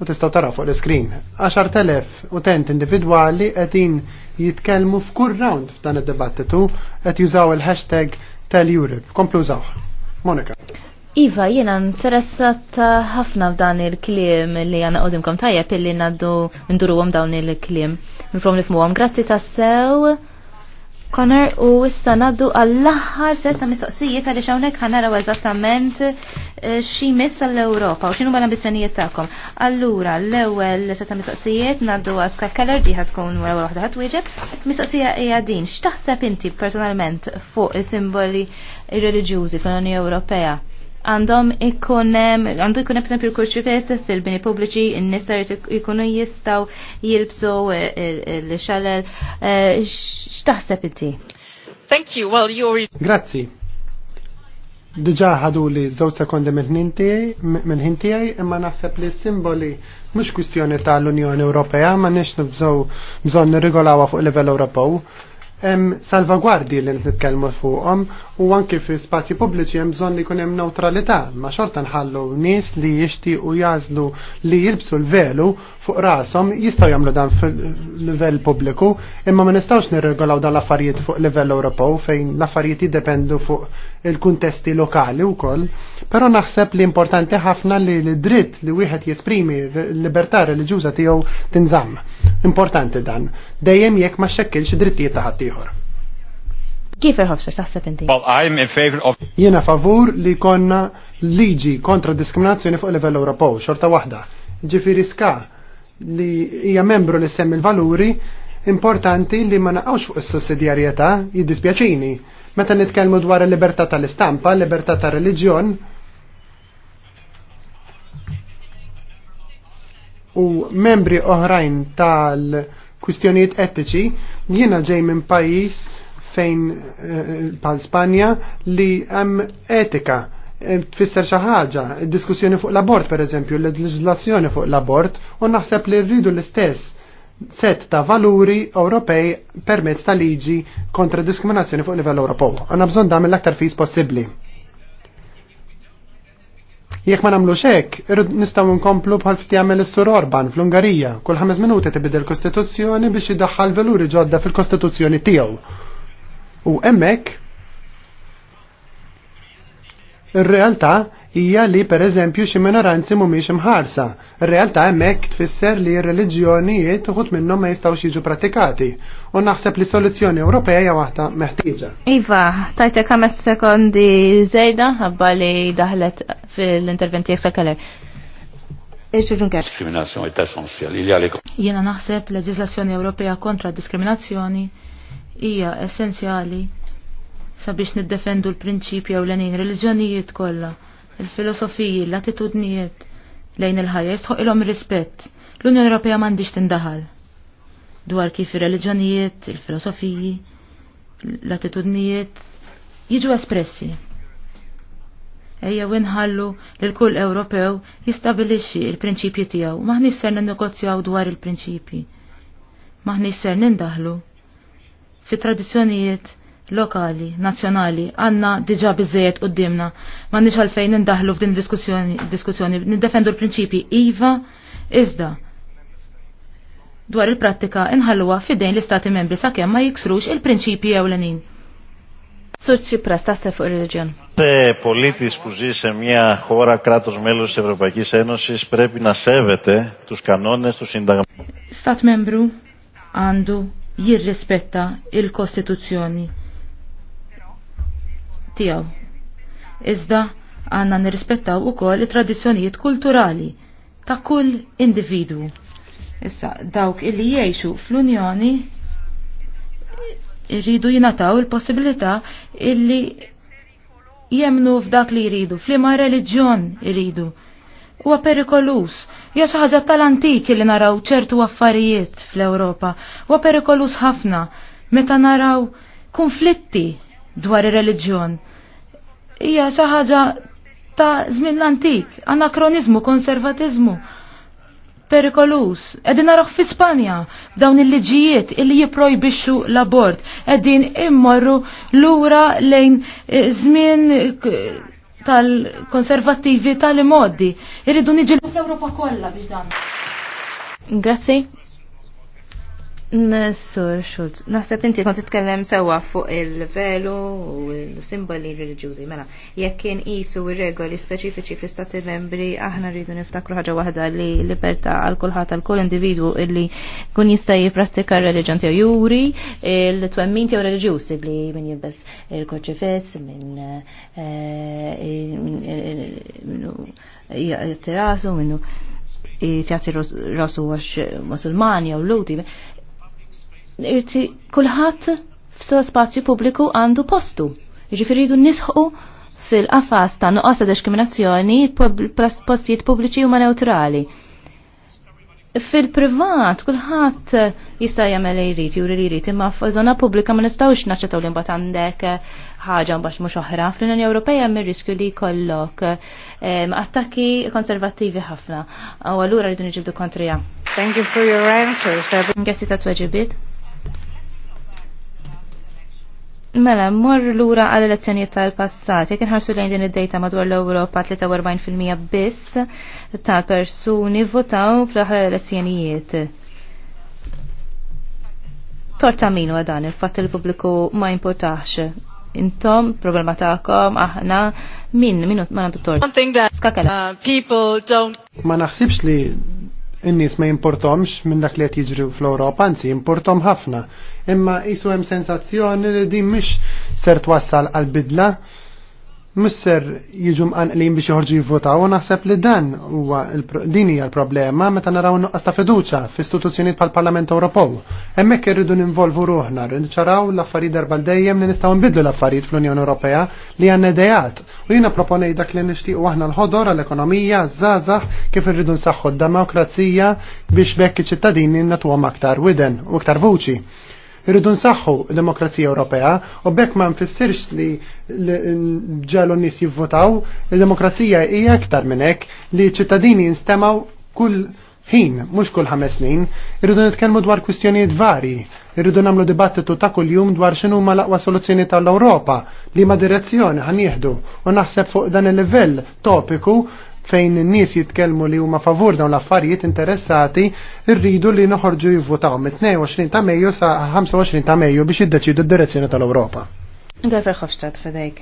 Speaker 3: u tistgħu tara fuq l-iskrin. 10,000 utent individwali qegħdin jitkellmu f'kull round f'dan id-dibattitu qed jużaw il-hashtag tal-Europe. Komplu Monika.
Speaker 1: Iva, jena interessat ħafna f'dan il-klim li għana għodimkom tajja pilli naddu nduru għom dawn il-klim. Nifrom nifmu għom, grazzi tassew. Connor u issa naddu għall-aħħar set ta' mistoqsijiet għaliex hawnhekk ħanaraw eżattament eh, xi miss għall-Ewropa u x'inhuma l-ambizzjonijiet tagħkom. Allura l-ewwel set ta' mistoqsijiet naddu għal Scott Keller li ħad tkun wara waħda ħadd wieġeb. Mistoqsija hija din x'taħseb inti personalment fuq is-simboli reliġjużi fl-Unjoni Ewropea? għandhom ikun għandu eżempju per kurċifet fil-bini pubbliċi, n-nisa ikunu jistgħu jilbsu eh, eh, l-xalel, eh, xtaħseb inti? Thank you, well you're...
Speaker 3: Grazzi. Diġa ħadu li żewġ sekondi mill-ħin tiegħi, imma naħseb li simboli mhux kwistjoni tal-Unjoni Ewropea ma nix nibżgħu bżonn nirregolawha fuq livell Ewropew. Hemm salvagwardji li nitkellmu fuqhom u anki fi spazi pubbliċi hemm bżonn li jkun hemm neutralità, ma xorta nħallu nies li jixtiequ jażlu li jilbsu l-velu fuq rashom jistgħu jagħmlu dan fil-livell pubbliku, imma ma nistgħux nirregolaw dan l-affarijiet fuq livell Ewropew fejn l-affarijiet jiddependu fuq il-kuntesti lokali wkoll. Però naħseb li importanti ħafna li l-dritt li wieħed jesprimi l-libertà reliġjuża tiegħu tinżamm. Importanti dan. Dejjem jekk ma xekkilx drittijiet ta' ħaddieħor. Kif irħobsa x'taħseb inti?
Speaker 4: Well, I'm in favor
Speaker 3: of Jiena favur li konna liġi kontra diskriminazzjoni fuq livell Ewropew, xorta waħda. Ġifieri ska li hija membru li semmi l-valuri importanti li ma naqgħux fuq is-sussidjarjetà jiddispjaċini. Meta nitkellmu dwar il-libertà tal-istampa, libertà tar-reliġjon, u membri oħrajn tal-kwistjonijiet etiċi, jiena ġej minn pajjiż fejn bħal eh, Spanja li hemm etika eh, tfisser xi ħaġa, diskussjoni fuq l-abort pereżempju, l legislazzjoni fuq l-abort u naħseb li rridu l-istess set ta' valuri Ewropej permezz ta' liġi kontra diskriminazzjoni fuq livell Ewropew. Għandna bżonn dam l-aktar fis possibbli. Jekk ma nagħmlux hekk, nistgħu nkomplu bħal ftit jagħmel is-Sur Orban fl-Ungarija, kull ħames minuti tibidel kostituzzjoni biex jidaħħal veluri ġodda fil-kostituzzjoni tiegħu U emmek Ir-realtà hija li pereżempju xi minoranzi mhumiex imħarsa. Ir-realtà hemmhekk tfisser li r-reliġjonijiet uħud minnhom ma jistgħux jiġu pratikati. U naħseb li soluzzjoni Ewropea waħda meħtieġa.
Speaker 1: Iva, tajtek ħames sekondi żejda ħabba li daħlet fil-interventi jekk keller.
Speaker 5: Diskriminazzjoni
Speaker 4: ta' essenzjali li għalik.
Speaker 5: Jiena naħseb leġislazzjoni Ewropea kontra diskriminazzjoni hija essenzjali sabiex niddefendu l-prinċipja u l-għanin reliġjonijiet kollha, il-filosofiji, l-attitudnijiet lejn il-ħajja il ilhom rispett. L-Unjoni Ewropea m'għandix tindaħal dwar kif ir-reliġjonijiet, il-filosofiji, l-attitudnijiet jiġu espressi. Ejja winħallu li l-kull Ewropew jistabilixxi il-prinċipji tiegħu, maħniex ser ninnegozjaw dwar il-prinċipji. Maħniex ser nindaħlu fi tradizjonijiet lokali, nazjonali, għanna diġa bizzejet u d-dimna. Ma nix għalfejn nindaħlu f'din diskussjoni, nindefendu l-prinċipi IVA, iżda. Dwar il-prattika inħalluha fidejn l-istati membri sa' kemm ma jiksrux il-prinċipi ewlenin. Sur Tsipras, taħseb fuq il-reġjon.
Speaker 2: πολίτης που ζει σε μια χώρα κράτος μέλος της Ευρωπαϊκής Ένωσης πρέπει να σέβεται τους κανόνες του συνταγματικού.
Speaker 5: Στατ μέμπρου, άντου jirrispetta il-Kostituzzjoni tiegħu. Iżda għandna nirrispettaw ukoll it-tradizzjonijiet kulturali ta' kull individwu. Issa dawk illi jgħixu fl-Unjoni irridu jingħataw il-possibilità illi jemnu f'dak li jridu, flima reliġjon iridu huwa perikolus. Ja xi ħaġa tal-antiki li naraw ċertu affarijiet fl-Ewropa. Huwa perikolus ħafna meta naraw konflitti dwar ir-reliġjon. Hija xi ħaġa ta' żmien l-antik, anakronizmu, konservatizmu. Perikolus. edin naraw fi Spanja dawn il-liġijiet illi jipprojbixxu l-abort. Qegħdin immorru lura lejn eh, żmien eh, tal-konservativi tal modi Irridu niġi l-Europa kollha biex dan. Grazie. Sur
Speaker 1: Schultz, naħseb inti kont titkellem sewa fuq il-velu u l-simboli religjużi. Mela, jekk kien isu regoli speċifiċi fl-istati membri, aħna rridu niftakru ħaġa waħda li libertà għal kulħat għal kull individwu illi kun jista' jipprattika r-reliġjon tiegħu juri, il-twemmin tiegħu reliġjuż li min jibbes il-koċifess minn jattirasu minnu jattirasu għax musulmani jew luti irti kulħadd f'sa spazju pubbliku għandu postu. Ġifieri jridu nisħu fil-qafas ta' nuqqas ta' diskriminazzjoni postijiet pubbliċi huma neutrali. Fil-privat, kulħadd jista' jagħmel li jrid, juri li jrid, imma f'żona pubblika ma nistgħux naċċettaw li mbagħad għandek ħaġa mbagħad mhux oħra. Fl-Unjoni Ewropea hemm ir-riskju li jkollok attakki konservattivi ħafna. U allura rridu niġibdu kontrija. Thank you for your answers. Ngessi ta' tweġibiet. Mela, mor lura għal elezzjonijiet tal-passat, jek nħarsu lejn din id-dejta madwar l-Ewropa 43% biss ta' persuni votaw fl-aħħar elezzjonijiet. Torta minu għadan, il-fat il-pubbliku ma importax. Intom, problema ta'kom, aħna, min, minu ma nandu tort. Skakala. Uh, people don't...
Speaker 3: Ma naħsibx li n-nies ma jimportomx minn dak li qed jiġri fl-Ewropa, anzi jimportom ħafna. Imma isu hemm sensazzjoni li din mhix ser twassal għal bidla misser jiġu li biex joħorġu jivvotaw u naħseb li dan huwa din hija l-problema meta naraw nuqqas ta' fiduċa f'istituzzjonijiet bħall-Parlament Ewropow. Hemmhekk irridu ninvolvu ruħna, ċaraw l-affarijiet darba dejjem li nistgħu nbidlu l-affarijiet fl-Unjoni Ewropea li għandna ideat. U jiena proponej dak li nixtiequ aħna l-ħodor għall-ekonomija, żgħażagħ kif irridu nsaħħu d-demokrazija biex bekk iċ-ċittadini nagħtuhom aktar widen u aktar vuċi. Irridu nsaħħu l-demokrazija Ewropea u bekk ma nfissirx li ġalu nies jivvotaw, l demokrazija hija aktar minn hekk li ċittadini jinstemaw kull ħin, mhux kull ħames snin, irridu nitkellmu dwar kwistjonijiet varji, irridu nagħmlu dibattitu ta' kuljum dwar x'inhu ma l-aqwa soluzzjoni tal-Ewropa, li ma direzzjoni ħanieħdu u naħseb fuq dan il-livell topiku fejn n-nies jitkellmu li huma favur dawn l-affarijiet interessati rridu li noħorġu jivvotaw mit-22 ta' Mejju sa 25 ta' Mejju biex jiddeċidu d-direzzjoni tal-Ewropa.
Speaker 1: Għafer ħofstat fedejk.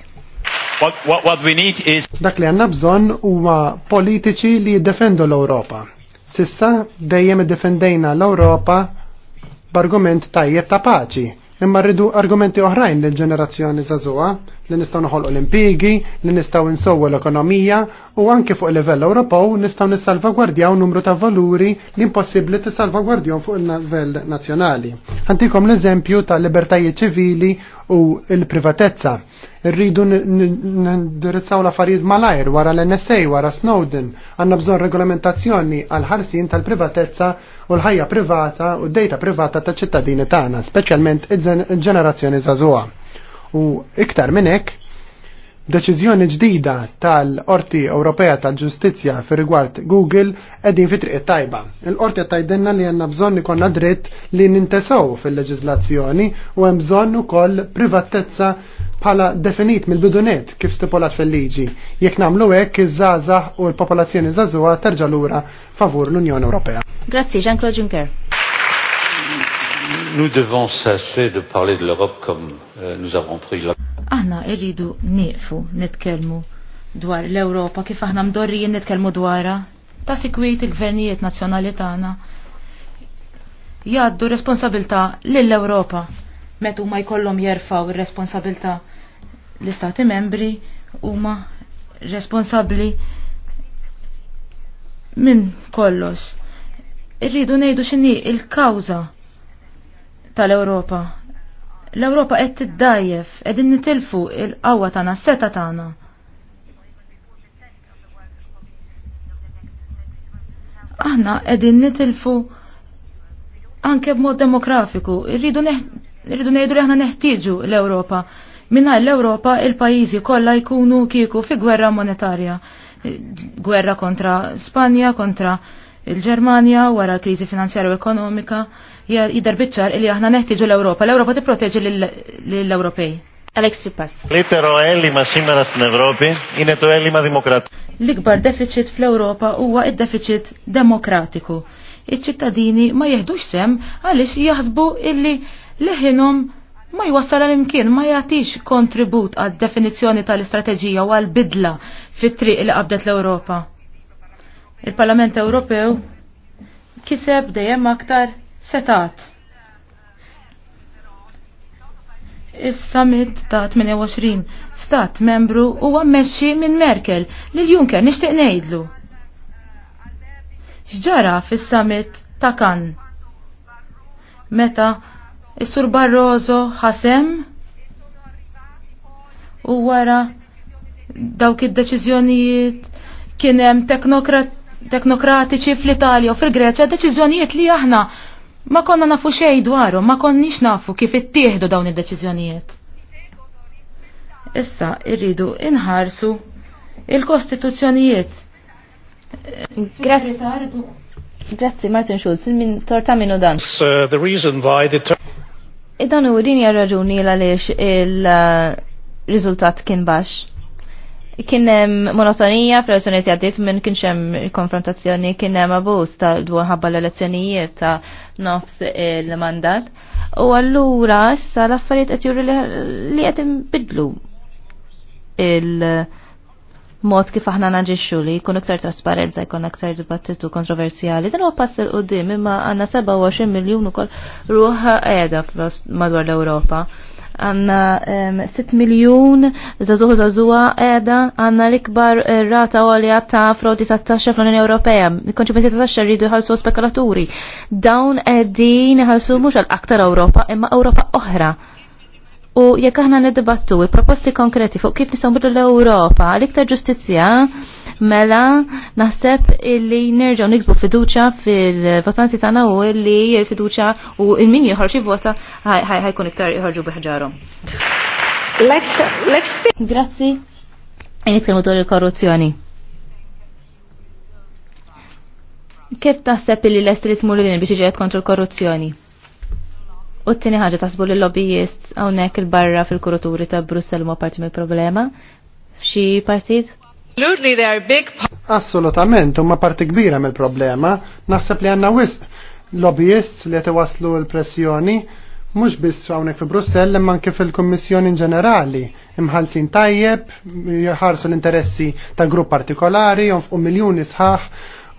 Speaker 4: What, we need is...
Speaker 3: Dak li għanna bżon huwa politiċi li jiddefendu l-Ewropa. Sissa dejjem iddefendejna l-Ewropa b'argument tajjeb ta' paċi, imma rridu argumenti oħrajn lill ġenerazzjoni żagħżugħa li nistgħu noħolqu l li nistgħu nsow l-ekonomija u anke fuq livell Ewropew nistgħu nissalvagwardjaw numru ta' valuri li impossibbli tissalvagwardjhom fuq il-livell nazzjonali. Għantikom l-eżempju ta' libertajiet ċivili u l-privatezza. Irridu ndirizzaw l-affarijiet malajr wara l-NSA, wara Snowden, għandna bżonn regolamentazzjoni għal ħarsin tal-privatezza u l-ħajja privata u d-dejta privata ta' ċittadini tagħna, speċjalment il-ġenerazzjoni zazua. U iktar minn hekk, deċiżjoni ġdida tal-Qorti Ewropea tal-Ġustizzja fir rigward Google qegħdin fi triq tajba. Il-qorti qed tgħidilna li għandna bżonn ikollna dritt li nintesaw fil-leġiżlazzjoni u hemm bżonn ukoll privatezza bħala definit mill-bidunet kif stipulat fil-liġi. Jekk nagħmlu hekk iż-żgħażagħ u l-popolazzjoni żagħżugħa terġa' lura favur l-Unjoni Ewropea.
Speaker 1: Grazzi, Jean-Claude Juncker.
Speaker 4: Nous devons cesser de parler de l'Europe comme euh, nous avons pris la...
Speaker 5: Aħna irridu nieqfu nitkellmu dwar l-Ewropa kif aħna mdorrijin nitkellmu dwarha. Ta' sikwiet il-gvernijiet nazzjonali tagħna jgħaddu responsabilità lill-Ewropa metu ma jkollhom jerfaw ir-responsabilità l-istati membri huma responsabbli minn kollox. Irridu ngħidu x'inhi il-kawża tal-Ewropa. L-Ewropa qed tiddajjef, qegħdin nitilfu il-qawwa tagħna, seta tagħna. Aħna qegħdin nitilfu anke b'mod demografiku, irridu ngħidu li aħna neħtieġu l-Ewropa. Minna l-Ewropa il-pajjiżi kollha jkunu kieku fi gwerra monetarja. Gwerra kontra Spanja, kontra il germania wara kriżi finanzjarja u ekonomika jidher biċċar li aħna neħtieġu l-Ewropa. L-Ewropa tipproteġi lill-Ewropej. Alex Tsipas.
Speaker 2: L-itero έλλειμμα σήμερα στην Ευρώπη είναι το demokratiku.
Speaker 5: L-ikbar deficit fl-Ewropa huwa id-deficit demokratiku. Iċ-ċittadini ma jeħdux sem għaliex jaħsbu illi leħinhom ma jwassal l-imkien ma jagħtix kontribut għad definizzjoni tal-istrateġija u għal bidla fit-triq li qabdet l-Ewropa. Il-Parlament Ewropew kiseb dejjem aktar setat. Is-summit ta' 28 stat membru huwa mmexxi minn Merkel li Juncker nixtieq ngħidlu. X'ġara fis-summit ta' Kan? Meta is-Sur Barroso ħasem u wara dawk id-deċiżjonijiet kien hemm teknokrat teknokratiċi fl-Italja u fil-Greċja deċiżjonijiet li aħna ma konna nafu xej dwarhom, ma konniex nafu kif ittieħdu dawn id-deċiżjonijiet. Issa irridu inħarsu il-kostituzzjonijiet. Grazzi.
Speaker 1: Martin Schulz, min torta minnu dan.
Speaker 4: Uh, the
Speaker 1: e Dan u din hija raġuni għalix il-riżultat uh, kien baxx kien hemm monotonija fl-elezzjonijiet li minn kienx hemm konfrontazzjoni kien hemm abuż ta' ħabba l-elezzjonijiet ta' nofs il-mandat. U allura issa l-affarijiet qed juru li qed inbidlu il-mod kif aħna naġixxu li jkun iktar trasparenza, jkun iktar dibattitu kontroversjali. Dan huwa pass il qudiem imma għandna 27 miljun ukoll ruħ qiegħda madwar l-Ewropa għanna 6 miljon zazuħu zazuħa edha għanna l-ikbar eh, rata għolja ta' frodi ta' taxxa fl-Unjoni Ewropea. Konċipenti ta' taxxa rridu ħalsu spekulaturi. Dawn għeddin ħalsu mux għal-aktar Ewropa imma Ewropa oħra. U jekk aħna niddibattu il-proposti konkreti fuq kif nisambudu l-Ewropa l-iktar ġustizzja mela naħseb illi nerġgħu niksbu fiduċja fil-votanti tagħna u illi fiduċja u min jħarġi vota ħajkun iktar jħarġu biħġarhom. Grazzi. Nitkellmu dwar il-korruzzjoni. Kif taħseb illi l-estrismu l biex iġiet kontra l-korruzzjoni? U t-tini ħagġa taħsbu li l-lobbyist għawnek il-barra fil-kuruturi ta' Brussel ma' parti mill problema xi partit?
Speaker 3: Assolutament, huma parti kbira mill-problema. Naħseb li għandna wisq lobbyists li qed iwaslu l-pressjoni mhux biss hawnhekk fi Brussell imma anke fil-Kummissjoni ġenerali imħallsin tajjeb, jħarsu l-interessi ta' grupp partikolari, jonfqu miljuni sħaħ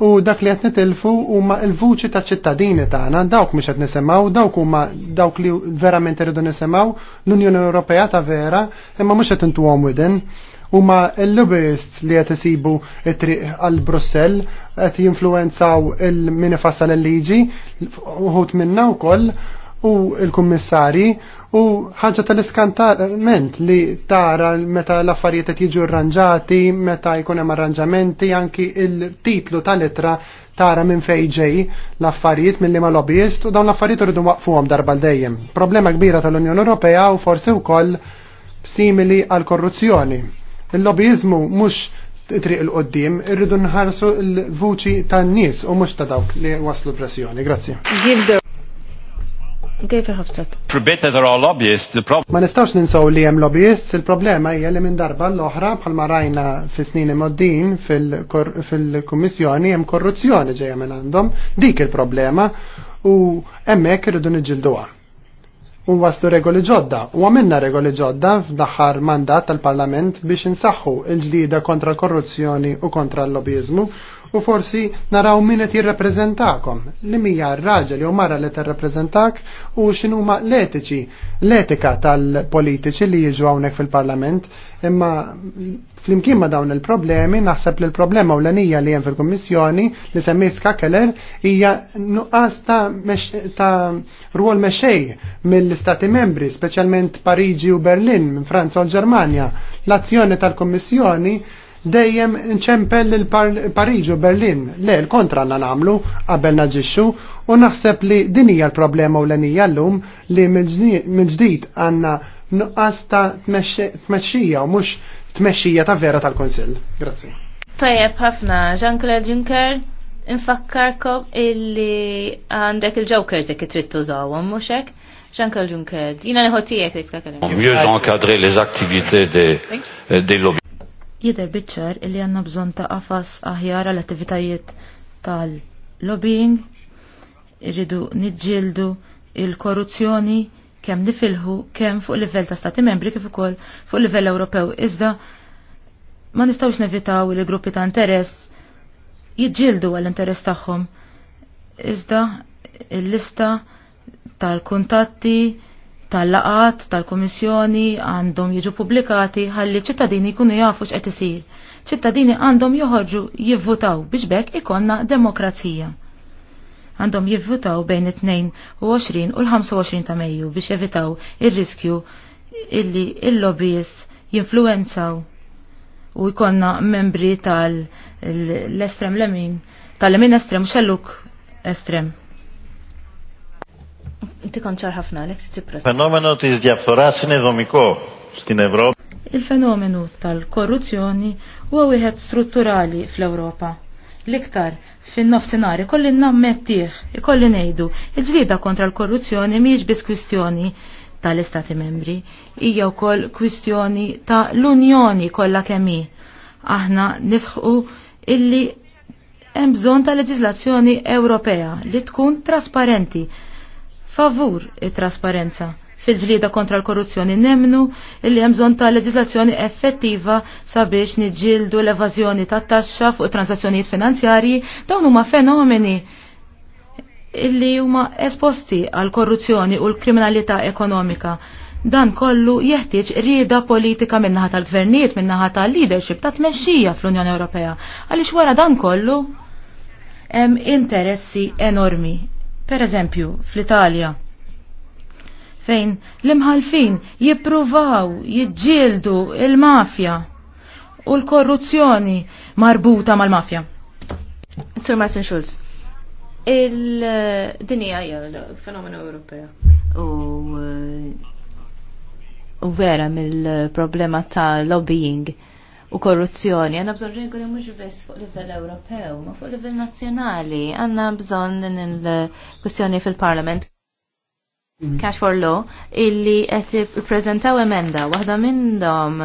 Speaker 3: u dak li qed nitilfu huma l-vuċi taċ ċittadini tagħna, dawk mhux qed nisimgħu, dawk huma dawk li verament iridu nisimgħu l-Unjoni Ewropea ta' vera, imma mhux qed intuhom widin huma l-lobbyists li qed isibu t-triq għal Brussell qed jinfluwenzaw il-min ifassal il-liġi uħut minna wkoll u l-kummissari u ħaġa tal-iskantament li tara meta l-affarijiet qed jiġu arranġati, meta jkun hemm arranġamenti, anki il-titlu tal-ittra tara minn fejn ġej l-affarijiet mill ma lobbyist u dawn l-affarijiet irridu waqfuhom darba dejjem. Problema kbira tal-Unjoni Ewropea u forsi wkoll simili għal korruzzjoni Il-lobbyizmu mhux triq il-qoddim, irridu nħarsu l-vuċi tan-nies u mhux ta' dawk li waslu pressjoni. Grazie. Ma nistawx ninsaw li hemm lobbyists, il-problema hija li minn darba l-oħra ma rajna fi snin imoddin fil-kummissjoni hemm korruzzjoni ġejja minn għandhom, dik il-problema u hemmhekk irridu niġġilduha u waslu regoli ġodda u għamilna regoli ġodda f'daħħar mandat tal-Parlament biex insaħħu il-ġlida kontra l-korruzzjoni u kontra l-lobbyizmu u forsi naraw min qed jirrappreżentakom, Limija mija r-raġel jew mara li tirrappreżentak u x'inhuma l-etiċi, l-etika tal-politiċi li jiġu hawnhekk fil-Parlament, imma flimkien ma dawn il-problemi naħseb li l-problema u l-anija li hemm fil-Kummissjoni li semmiska Keller hija nuqqas ta' ta' rwol mexej mill-Stati membri, speċjalment Pariġi u Berlin minn Franza u l-Ġermanja. L-azzjoni tal-Kummissjoni dejjem nċempel l-Pariġu Berlin. Le, l-kontra għanna namlu, qabel naġiċu, u naħseb li dinija l-problema u l-enija l-lum li mil għanna nuqqas ta' tmexxija u mux tmexxija ta' vera tal-Konsil. Grazzi.
Speaker 1: Tajjeb ħafna, Jean-Claude Juncker, infakkarkom illi għandek il-Jokers jek trittu zawon, mux hekk? Jean-Claude Juncker, jina nħotijek li t-kakallem.
Speaker 4: Mieux encadrer les activités des lobbies.
Speaker 5: Jider bitċar illi għanna bżon ta' qafas aħjar għal attivitajiet tal-lobbying, irridu nidġildu il-korruzzjoni kemm nifilħu kemm fuq livell ta' stati membri kif ukoll fuq livell Ewropew. Iżda ma nistgħux nevitaw li gruppi ta' interess jiġġieldu għall-interess tagħhom. Iżda il-lista tal-kuntatti tal-laqat tal-Komissjoni għandhom jiġu pubblikati ħalli ċittadini jkunu jafu x'qed isir. ċittadini għandhom joħorġu jivvutaw biex bekk ikonna demokrazija. Għandhom jivvutaw bejn it-22 u l-25 ta' Mejju biex evitaw ir-riskju illi il lobbyist jinfluenzaw u jkonna membri tal-estrem lemin, tal-lemin estrem u xelluk estrem. Tikkonċar ħafna Alex Tsipras.
Speaker 2: Fenomenu tis διαφθοράς s δομικό στην Ευρώπη.
Speaker 5: Il-fenomenu tal-korruzzjoni huwa wieħed strutturali fl-Ewropa. L-iktar fin-nofsinhar ikolli nammettih, ikolli ngħidu, il-ġlieda kontra l-korruzzjoni mhijiex biss kwistjoni tal-Istati membri, hija wkoll kwistjoni ta' l-Unjoni kollha kemm hi. Aħna nisħu illi hemm bżonn ta' leġiżlazzjoni Ewropea li tkun trasparenti favur it-trasparenza. Fil-ġlida kontra l-korruzzjoni nemnu illi hemm jemżon ta' leġislazzjoni effettiva sabiex niġġieldu l-evażjoni ta' taxxa fuq transazzjonijiet finanzjarji dawn huma fenomeni illi huma esposti għal korruzzjoni u l-kriminalità ekonomika. Dan kollu jeħtieġ rieda politika minnaħa tal-gvernijiet, minnaħa tal-leadership, ta' tmexxija fl-Unjoni Ewropea. Għaliex wara dan kollu hemm interessi enormi Per eżempju, fl-Italja, fejn l-imħalfin jippruvaw jiġġieldu il-mafja u l-korruzzjoni marbuta mal-mafja. Sir Martin Schulz,
Speaker 1: il-dinija hija fenomenu Ewropea. Uh, u vera mill-problema ta' lobbying u korruzzjoni. Għanna bżon regoli mux biss fuq livell Ewropew, ma fuq livell nazzjonali. Għanna bżon din il-kwestjoni fil-Parlament. Mm. Cash for Law illi qed ippreżentaw emenda waħda minnhom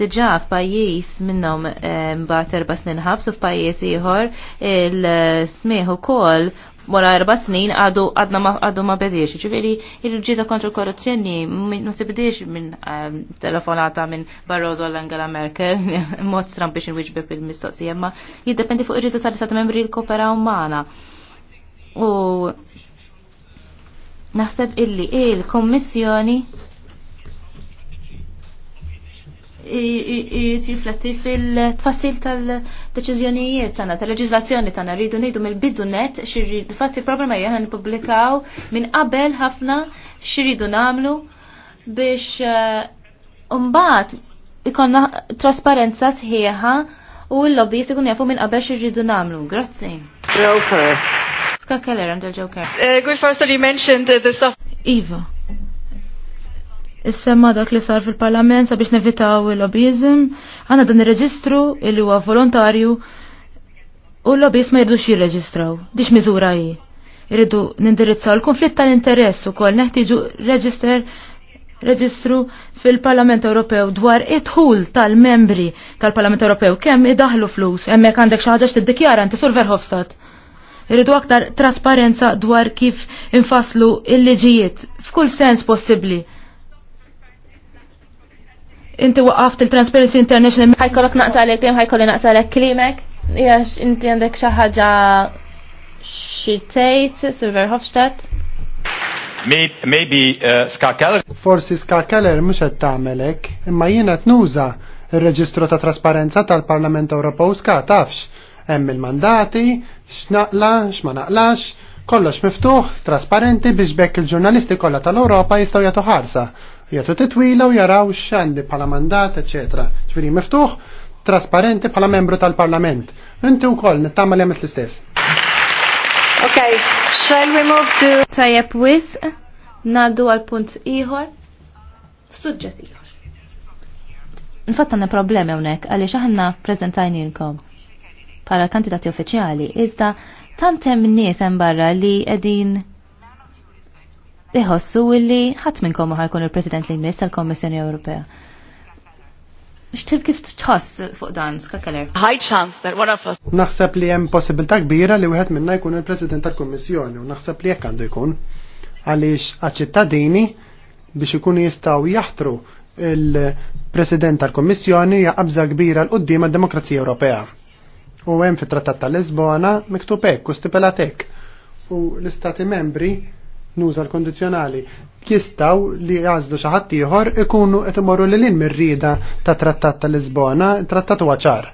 Speaker 1: diġà f'pajjiż minnhom eh, mbagħad erba' snin ħabs u f'pajjiż ieħor il-smieħ ukoll wara erba' snin għadu għadna ma għadu ma bedix. Ġifieri il-ġieda kontra korruzzjoni ma tibdiex minn eh, telefonata minn Barroso l Angela Merkel mod stram biex inwiġbeb il-mistoqsija, ma jiddependi fuq ir-ġieda tal istati membri l-kopera magħna. U Naħseb illi il-Kommissjoni
Speaker 5: jirrifletti
Speaker 1: fil-tfassil tal-deċizjonijiet tagħna, tal leġizlazzjoni tagħna rridu nidu mill biddu net xirridu, fatti il-problema hija nippubblikaw minn qabel ħafna xirridu nagħmlu biex eh, mbagħad ikonna trasparenza sħiħa u l-lobby jisikun jafu minn qabel xirridu nagħmlu. Grazzi.
Speaker 5: Ska Keller and Joker. Uh, eh, good first you mentioned eh, the stuff. Iva. Issemma dak li sar fil-parlament sabiex nevitaw il lobbyism għanna dan il-reġistru illi huwa volontarju u l-lobbyist ma jirdux jirreġistraw. Dix miżura hi. Irridu nindirizzaw l-konflitt tal-interess ukoll neħtieġu reġister reġistru fil-Parlament Ewropew dwar it-ħul tal-membri tal-Parlament Ewropew kemm idaħlu flus, hemmhekk għandek xaħġa ħaġa x'tiddikjara n sur Verhofstadt. Irridu aktar trasparenza dwar kif infaslu il-liġijiet f'kull sens possibbli. Inti waqaft il-Transparency International.
Speaker 1: Ħajkollok naqtalek klim, ħajkolli għalek klimek. Jax, inti għandek xaħġa xitejt, Silver Hofstadt.
Speaker 4: Maybe uh, Ska
Speaker 3: Keller? Forsi Ska Keller mux għed tamelek, imma jiena t-nuża il-reġistru ta' trasparenza tal-Parlament Ewropew Ska tafx. Hemm il-mandati, x'naqla, x'ma naqlax, kollox miftuħ, trasparenti biex bekk il-ġurnalisti kollha tal-Ewropa jistgħu jagħtu ħarsa, jagħtu titwila u jaraw x'għandi bħala mandat, eċetera. Ġifieri miftuħ, trasparenti bħala membru tal-Parlament. Inti wkoll nittama li l-istess.
Speaker 1: Okay, shall we move to Tajjeb Wis? Naddu għal punt ieħor. Suġġet iħor. Nfatta problemi hawnhekk għaliex aħna kom bħala kandidati uffiċjali, iżda tant hemm nies hemm barra li qegħdin iħossu illi ħadd minnkom
Speaker 3: ħajkun il-President li jmiss tal-Kommissjoni Ewropea.
Speaker 1: Xtib kif tħoss fuq dan, skakeller? High chance that one of us.
Speaker 3: Naħseb li hemm possibilità kbira li wieħed minna jkun il-President tal-Kummissjoni u naħseb li jekk għandu jkun. Għaliex għaċ-ċittadini biex ikunu jistgħu jaħtru il-President tal-Kommissjoni jaqabża kbira l-qoddim għad-Demokrazija Ewropea. U hemm fit-Trattat ta' Lisbona miktub hekk u stipelat hekk. U l-Istati membri nuża l-kondizjonali jistaw li xi ħadd ieħor ikunu qed imorru lil hinn mir-rieda ta' Trattat ta' Lisbona, trattat huwa ċar.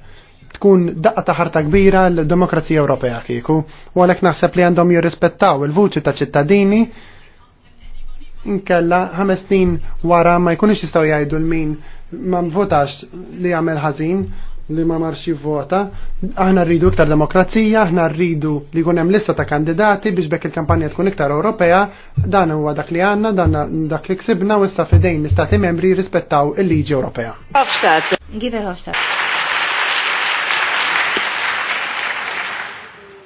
Speaker 3: Tkun daqqa ta' ħarta kbira l-Demokrazija Ewropea kieku, u għalhekk naħseb li għandhom jirrispettaw il-vuċi ta' ċittadini inkella ħames snin wara ma jkunux jistgħu jgħidu l-min ma votax li jagħmel ħażin li ma marx jivvota. Aħna rridu iktar demokrazija, aħna rridu li jkun hemm lista ta' kandidati biex bekk il-kampanja tkun iktar Ewropea, dan huwa dak li għandna, dan dak li ksibna u issa fidejn l-istati membri jirrispettaw il-liġi Ewropea.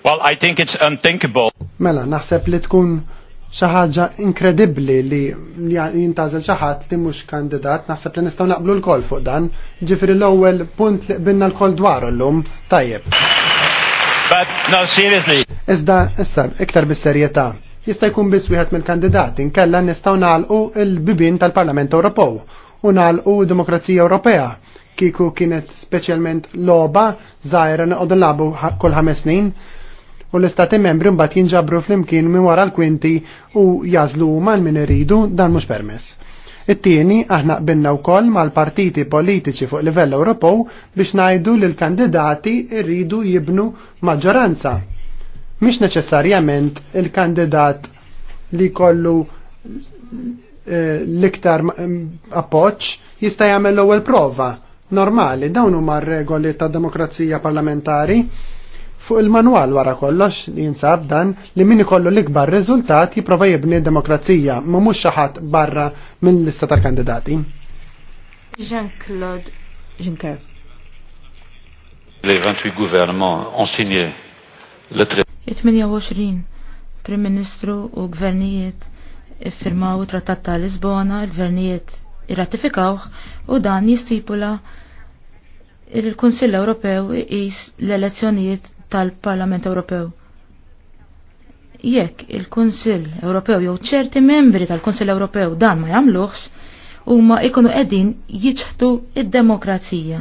Speaker 2: Well, I think it's
Speaker 4: unthinkable.
Speaker 3: Mela, naħseb li tkun xi ħaġa inkredibbli li jintazel xi ħadd li mhux kandidat naħseb li nistgħu naqblu l-kol fuq dan. Ġifieri l-ewwel punt li binna l-kol dwaru llum tajjeb. But no seriously. Iżda issa iktar bis-serjetà. Jista' jkun biss wieħed mill kandidat inkella nistgħu nagħlqu l-bibin tal-Parlament Ewropew u nagħlqu demokrazija Ewropea kieku kienet speċjalment loba żgħira noqogħdu nlabu kull ħames snin u l-istati membri mbagħad jinġabru flimkien minn wara l-kwinti u jażlu mal min iridu dan mhux permess. It-tieni aħna qbilna wkoll mal-partiti politiċi fuq livell Ewropew biex ngħidu li l-kandidati rridu jibnu maġġoranza. Mhix neċessarjament il-kandidat li kollu eh, l-iktar mm, appoġġ jista' jagħmel l-ewwel prova normali, dawn huma r regoli ta' demokrazija parlamentari, Fuq il-manwal wara kollox li jinsab dan li min ikollu l-ikbar riżultat jipprova jibni demokrazija ma mhux xi ħadd barra minn lista tal-kandidati.
Speaker 5: Jean-Claude
Speaker 3: Juncker.
Speaker 4: Le 28 gouvernement ont signé le traité.
Speaker 5: 28 Prim Ministru u gvernijiet iffirmaw trattat ta' Lisbona, il-gvernijiet irratifikawh u dan jistipula il-Kunsill Ewropew iqis l-elezzjonijiet tal-Parlament Ewropew. Jekk il-Kunsill Ewropew jew ċerti membri tal-Kunsill Ewropew dan ma jagħmluhx, huma jkunu qegħdin jiġħdu id-demokrazija.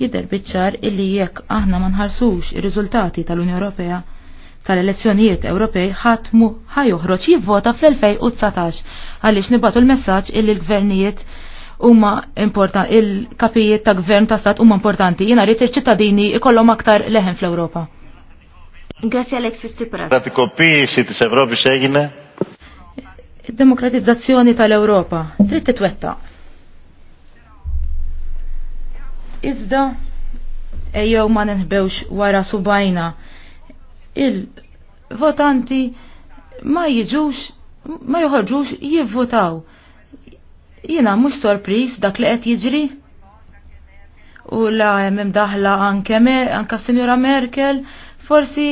Speaker 5: Jidher biċ-ċar illi jekk aħna ma nħarsux ir-riżultati tal-Unja Ewropea tal-elezzjonijiet Ewropej ħatmu ħajoħroġ jivvota fl-2019 għaliex nibatu l-messaġġ illi l-gvernijiet huma importanti, il-kapijiet ta' gvern ta' stat huma importanti. Jiena rrit iċ-ċittadini ikollhom aktar leħen fl-Ewropa. Grazie Alexis Tsipras.
Speaker 2: Ratikopijisi tis Evropi xegħine?
Speaker 5: Demokratizzazzjoni tal-Europa. Trid titwetta. Iżda ejjew ma nħbewx wara subajna. Il-votanti ma jiġux ma joħorġux jivvotaw. Jiena mhux sorpris dak li qed jiġri. U la hemm daħla anke me, anka Sinjura Merkel, forsi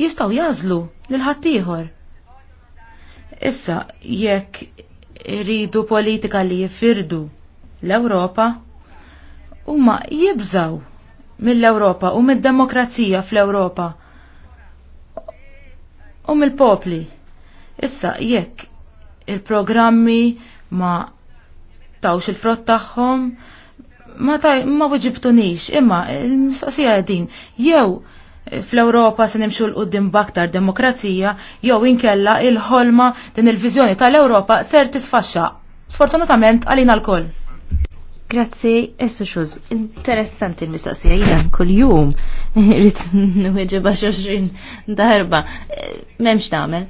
Speaker 5: jistgħu jażlu lil ħaddieħor. Issa jekk iridu politika li jifirdu l-Ewropa, huma jibżaw mill-Ewropa u mid-demokrazija fl-Ewropa u mill-popli. Issa jekk il-programmi ma tawx il-frott tagħhom. Ma taj, ma nix, imma il-mistoqsija din, jew fl-Europa se nimxu l-qoddim baktar demokrazija, jew inkella il-ħolma din il-vizjoni tal-Europa ser tisfaxxa. Sfortunatament għalina l-koll. Grazzi,
Speaker 1: essu xuz, interessanti l-mistoqsija jina kull-jum, rrit nweġiba xoxrin darba, eh, memx namel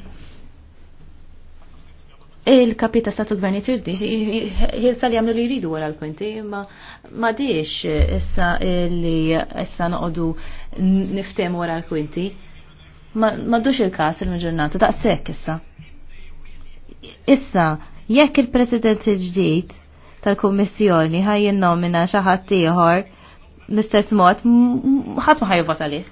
Speaker 1: il-kapita statu gverni tuddi, jilsal jamlu li jridu wara l-kwinti, ma ma diex eh, issa eh, li issa noqdu niftemu wara l-kwinti. Ma dux il-kas il-ġurnata, ta' sekk issa. Issa, jekk il-president il-ġdijt tal-kommissjoni ħaj nomina xaħat tiħor l-istess mod, ħatma ħaj vota għalih.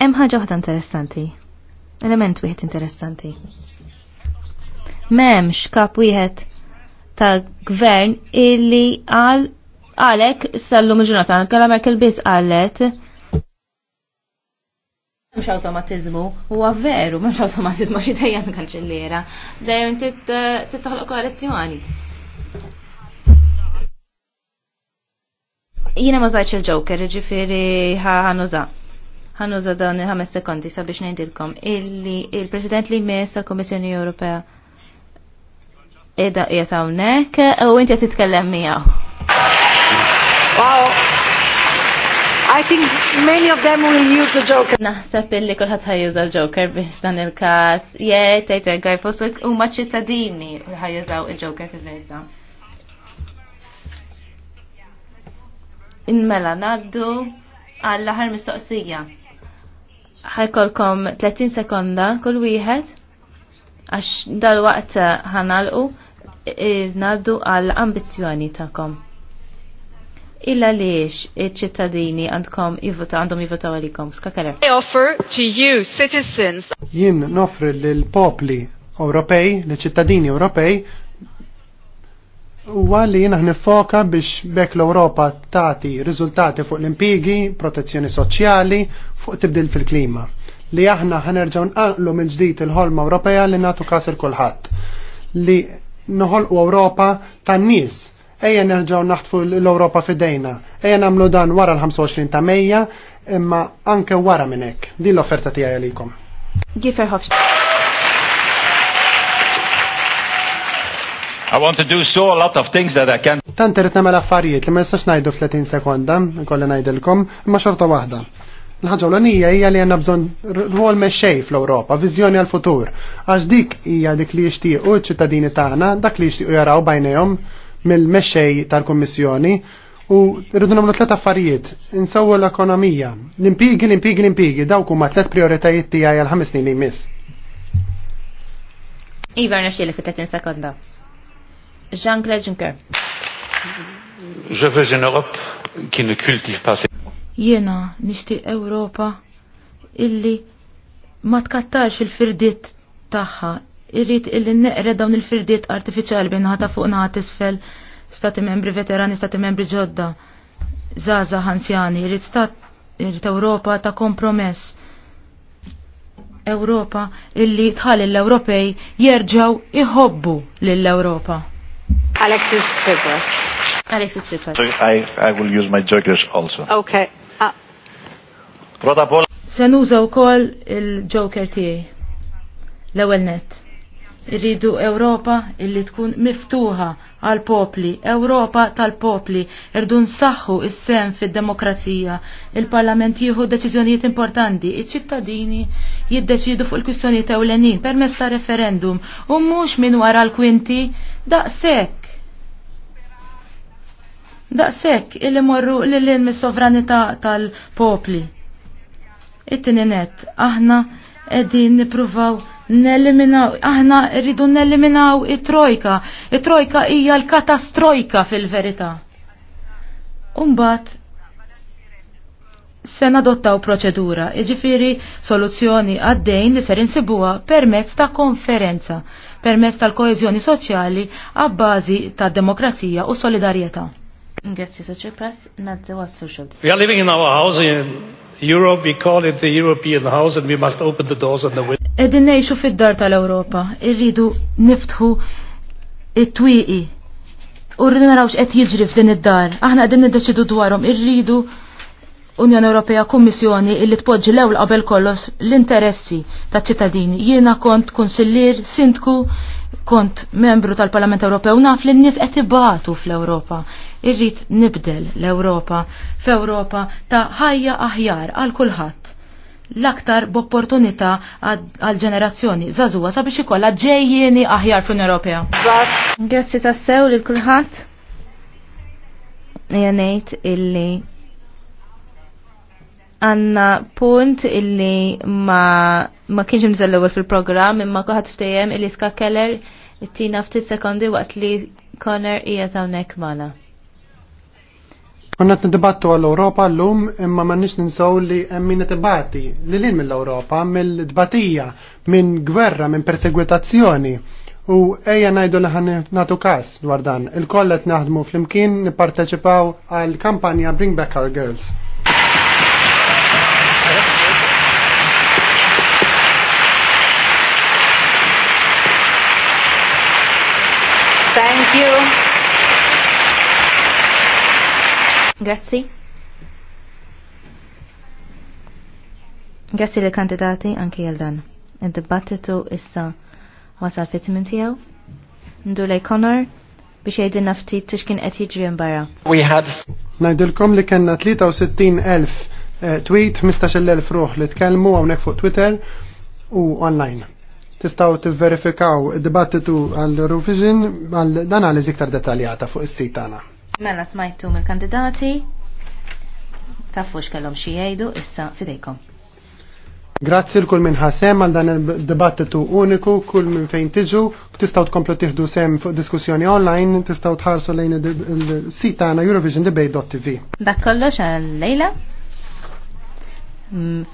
Speaker 1: Hemm ħaġa waħda interessanti. Element wieħed interessanti. M'hemmx kap wieħed ta' gvern illi għal għalek sallum ġurnata, għalla Merkel biz għallet. Mux automatizmu, u għavveru, mux automatizmu xie dejjem kanċellera, dejjem tittoħloq koalizjoni. Jina ma zaħċ il-ġoker, ġifiri ħanuza ħanuża zadan il-ħames sekondi sabiex ngħidilkom illi il-President li mess tal-Kummissjoni Ewropea Eda qiegħed hawnhekk u inti qed titkellem miegħu. I think many of them will use the Joker. Naħseb illi kulħadd ħajjuża l-Joker f'dan il-każ. Jej, tgħid għaj fosok huma ċittadini ħajjużaw il-Joker fil-verità. Mela, naddu għall-aħar mistoqsija ħajkolkom 30 sekonda kull wieħed għax dal-waqt ħanalqu naddu għal ambizzjoni tagħkom. Illa liex iċ-ċittadini għandkom jivota għandhom jivota għalikom. Skakare.
Speaker 5: I offer to you citizens.
Speaker 3: Jien nofri lill-popli Ewropej, lill-ċittadini Ewropej huwa li jiena foka biex bekk l-Ewropa tagħti riżultati fuq l-impigi, protezzjoni soċjali, fuq tibdil fil-klima li aħna ħanerġaw nqallu mill-ġdid il-ħolma Ewropea li nagħtu każ il kulħadd li noħolqu Ewropa tan-nies ejja nerġgħu naħtfu l ewropa fidejna, ejja nagħmlu dan wara l-25 ta' Mejja, imma anke wara minn hekk. Din l-offerta tiegħi għalikom. Gifer
Speaker 4: I want to do so a lot of things that I can.
Speaker 3: Tant irrit nagħmel affarijiet li ma nistax ngħidu f'30 sekonda, ikolli ngħidilkom, imma xorta waħda l-ħagġa l hija hija li għanna bżon rwol meċċej fl-Europa, vizjoni għal-futur. Għax dik hija dik li jixtiequ ċittadini tagħna, dak li jixtiequ jaraw bajnejhom mill-mexxej tal-Kummissjoni u rridu nagħmlu tliet affarijiet, insawwu l-ekonomija, l-impigi, l-impigi, l-impigi, dawk huma tliet prioritajiet tiegħi għal ħames snin li jmiss.
Speaker 1: Iva rnexxieli fit 30 sekonda.
Speaker 5: Jean-Claude Juncker.
Speaker 3: Je veux une Europe qui
Speaker 4: ne cultive pas
Speaker 5: Jiena nixtieq Ewropa illi ma tkattarx il-firdiet tagħha, Irrit illi neqre dawn il-firdiet artifiċjali bejn ħata fuq naħa tisfel stati membri veterani, stati membri ġodda, zaza ħansjani, Irrit stat irrit Ewropa ta' kompromess. Ewropa illi tħalli l-Ewropej jerġaw iħobbu lill-Ewropa. Alexis Tsipras. Alexis Tsipras.
Speaker 2: I, I will use my jokers also. Okay. Protapol.
Speaker 5: Senuza u wkoll il-Joker tiegħi. L-ewwel net. Irridu Ewropa illi tkun miftuħa għal popli, Ewropa tal-popli, irdu nsaħħu is-sem fid-demokrazija. Il-Parlament jieħu deċiżjonijiet importanti, iċ-ċittadini jiddeċidu fuq il-kwistjonijiet ewlenin permezz ta' referendum u mhux minn wara l-kwinti daqshekk. Daqshekk illi morru lil mis-sovranità tal-popli. It-tininet, aħna edin nipruvaw neliminaw, aħna rridu neliminaw it-trojka. It-trojka hija l-katastrojka fil-verità. Umbat, se nadottaw proċedura, iġifiri soluzzjoni għaddejn li ser insibuha permezz ta' konferenza, permezz tal-koezjoni soċjali għabbażi ta' demokrazija u solidarjetà.
Speaker 1: Grazie, Soċi Press, nadżewa
Speaker 5: s-social.
Speaker 4: We Europe, we call it the European house and we must open the doors and the windows.
Speaker 5: Edin nejxu fid-dar tal-Europa, irridu niftħu it-twiqi. U rridu narawx qed jiġri f'din id-dar. Aħna qegħdin niddeċidu dwarhom, irridu Unjoni Ewropea Kummissjoni illi tpoġġi l-ewwel qabel kollox l-interessi taċ-ċittadini. Jiena kont kunsillier, sindku, kont membru tal-Parlament Ewropew naf li n-nies qed ibatu fl-Ewropa. Irrid nibdel l-Ewropa f'Ewropa ta' ħajja aħjar għal kulħadd. L-aktar b'opportunità għal ġenerazzjoni żagħżugħa sabiex ikollha ġejjieni aħjar fl-Unjoni Ewropea.
Speaker 1: Grazzi tassew lil kulħadd. ngħid illi għanna punt illi ma, ma kienx imżell ewwel fil-programm imma koħat ftejjem illi Ska Keller tina ftit sekondi waqt li Connor hija hawnhekk magħna.
Speaker 3: Konna t-nibattu għall l llum imma m'għandniex ninsaw li hemm min tibati li lil mill-Ewropa mill-tbatija minn gwerra minn persegwitazzjoni. U ejja ngħidu li ħan nagħtu każ dwar dan. Il-koll qed naħdmu flimkien nipparteċipaw għal kampanja Bring Back Our Girls.
Speaker 1: Thank you. Grazzi. Grazzi li kandidati anki għal dan. Id-dibattitu issa wasal fit-tmim tiegħu. lej Connor biex jgħidilna ftit tixkin qed jiġri mbarra.
Speaker 3: We had Ngħidilkom li kellna 63,000 eh, tweet, 15,000 ruħ li tkellmu hawnhekk fuq Twitter u online tistaw tivverifikaw dibattitu għal Eurovision għal għal iktar detaljata fuq is-sit tagħna.
Speaker 1: Mela smajtu mill-kandidati tafux kellhom xi jgħidu issa fidejkom.
Speaker 3: Grazzi l kull minn ħasem għal dan il-dibattitu uniku, kull minn fejn tiġu, tistaw tkomplu tiħdu sem fuq diskussjoni online, tistaw tħarsu lejn il-sit tagħna eurovisindebate.tv.
Speaker 1: Dak kollox għal lejla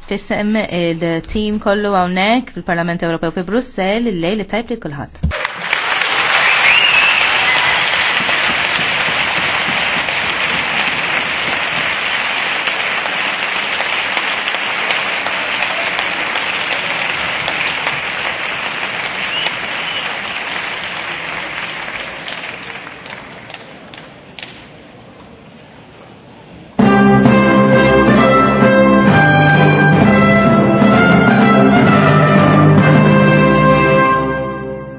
Speaker 1: fissem il-team kollu għawnek fil-Parlament Ewropew fi Brussel il-lejl tajb li kulħadd.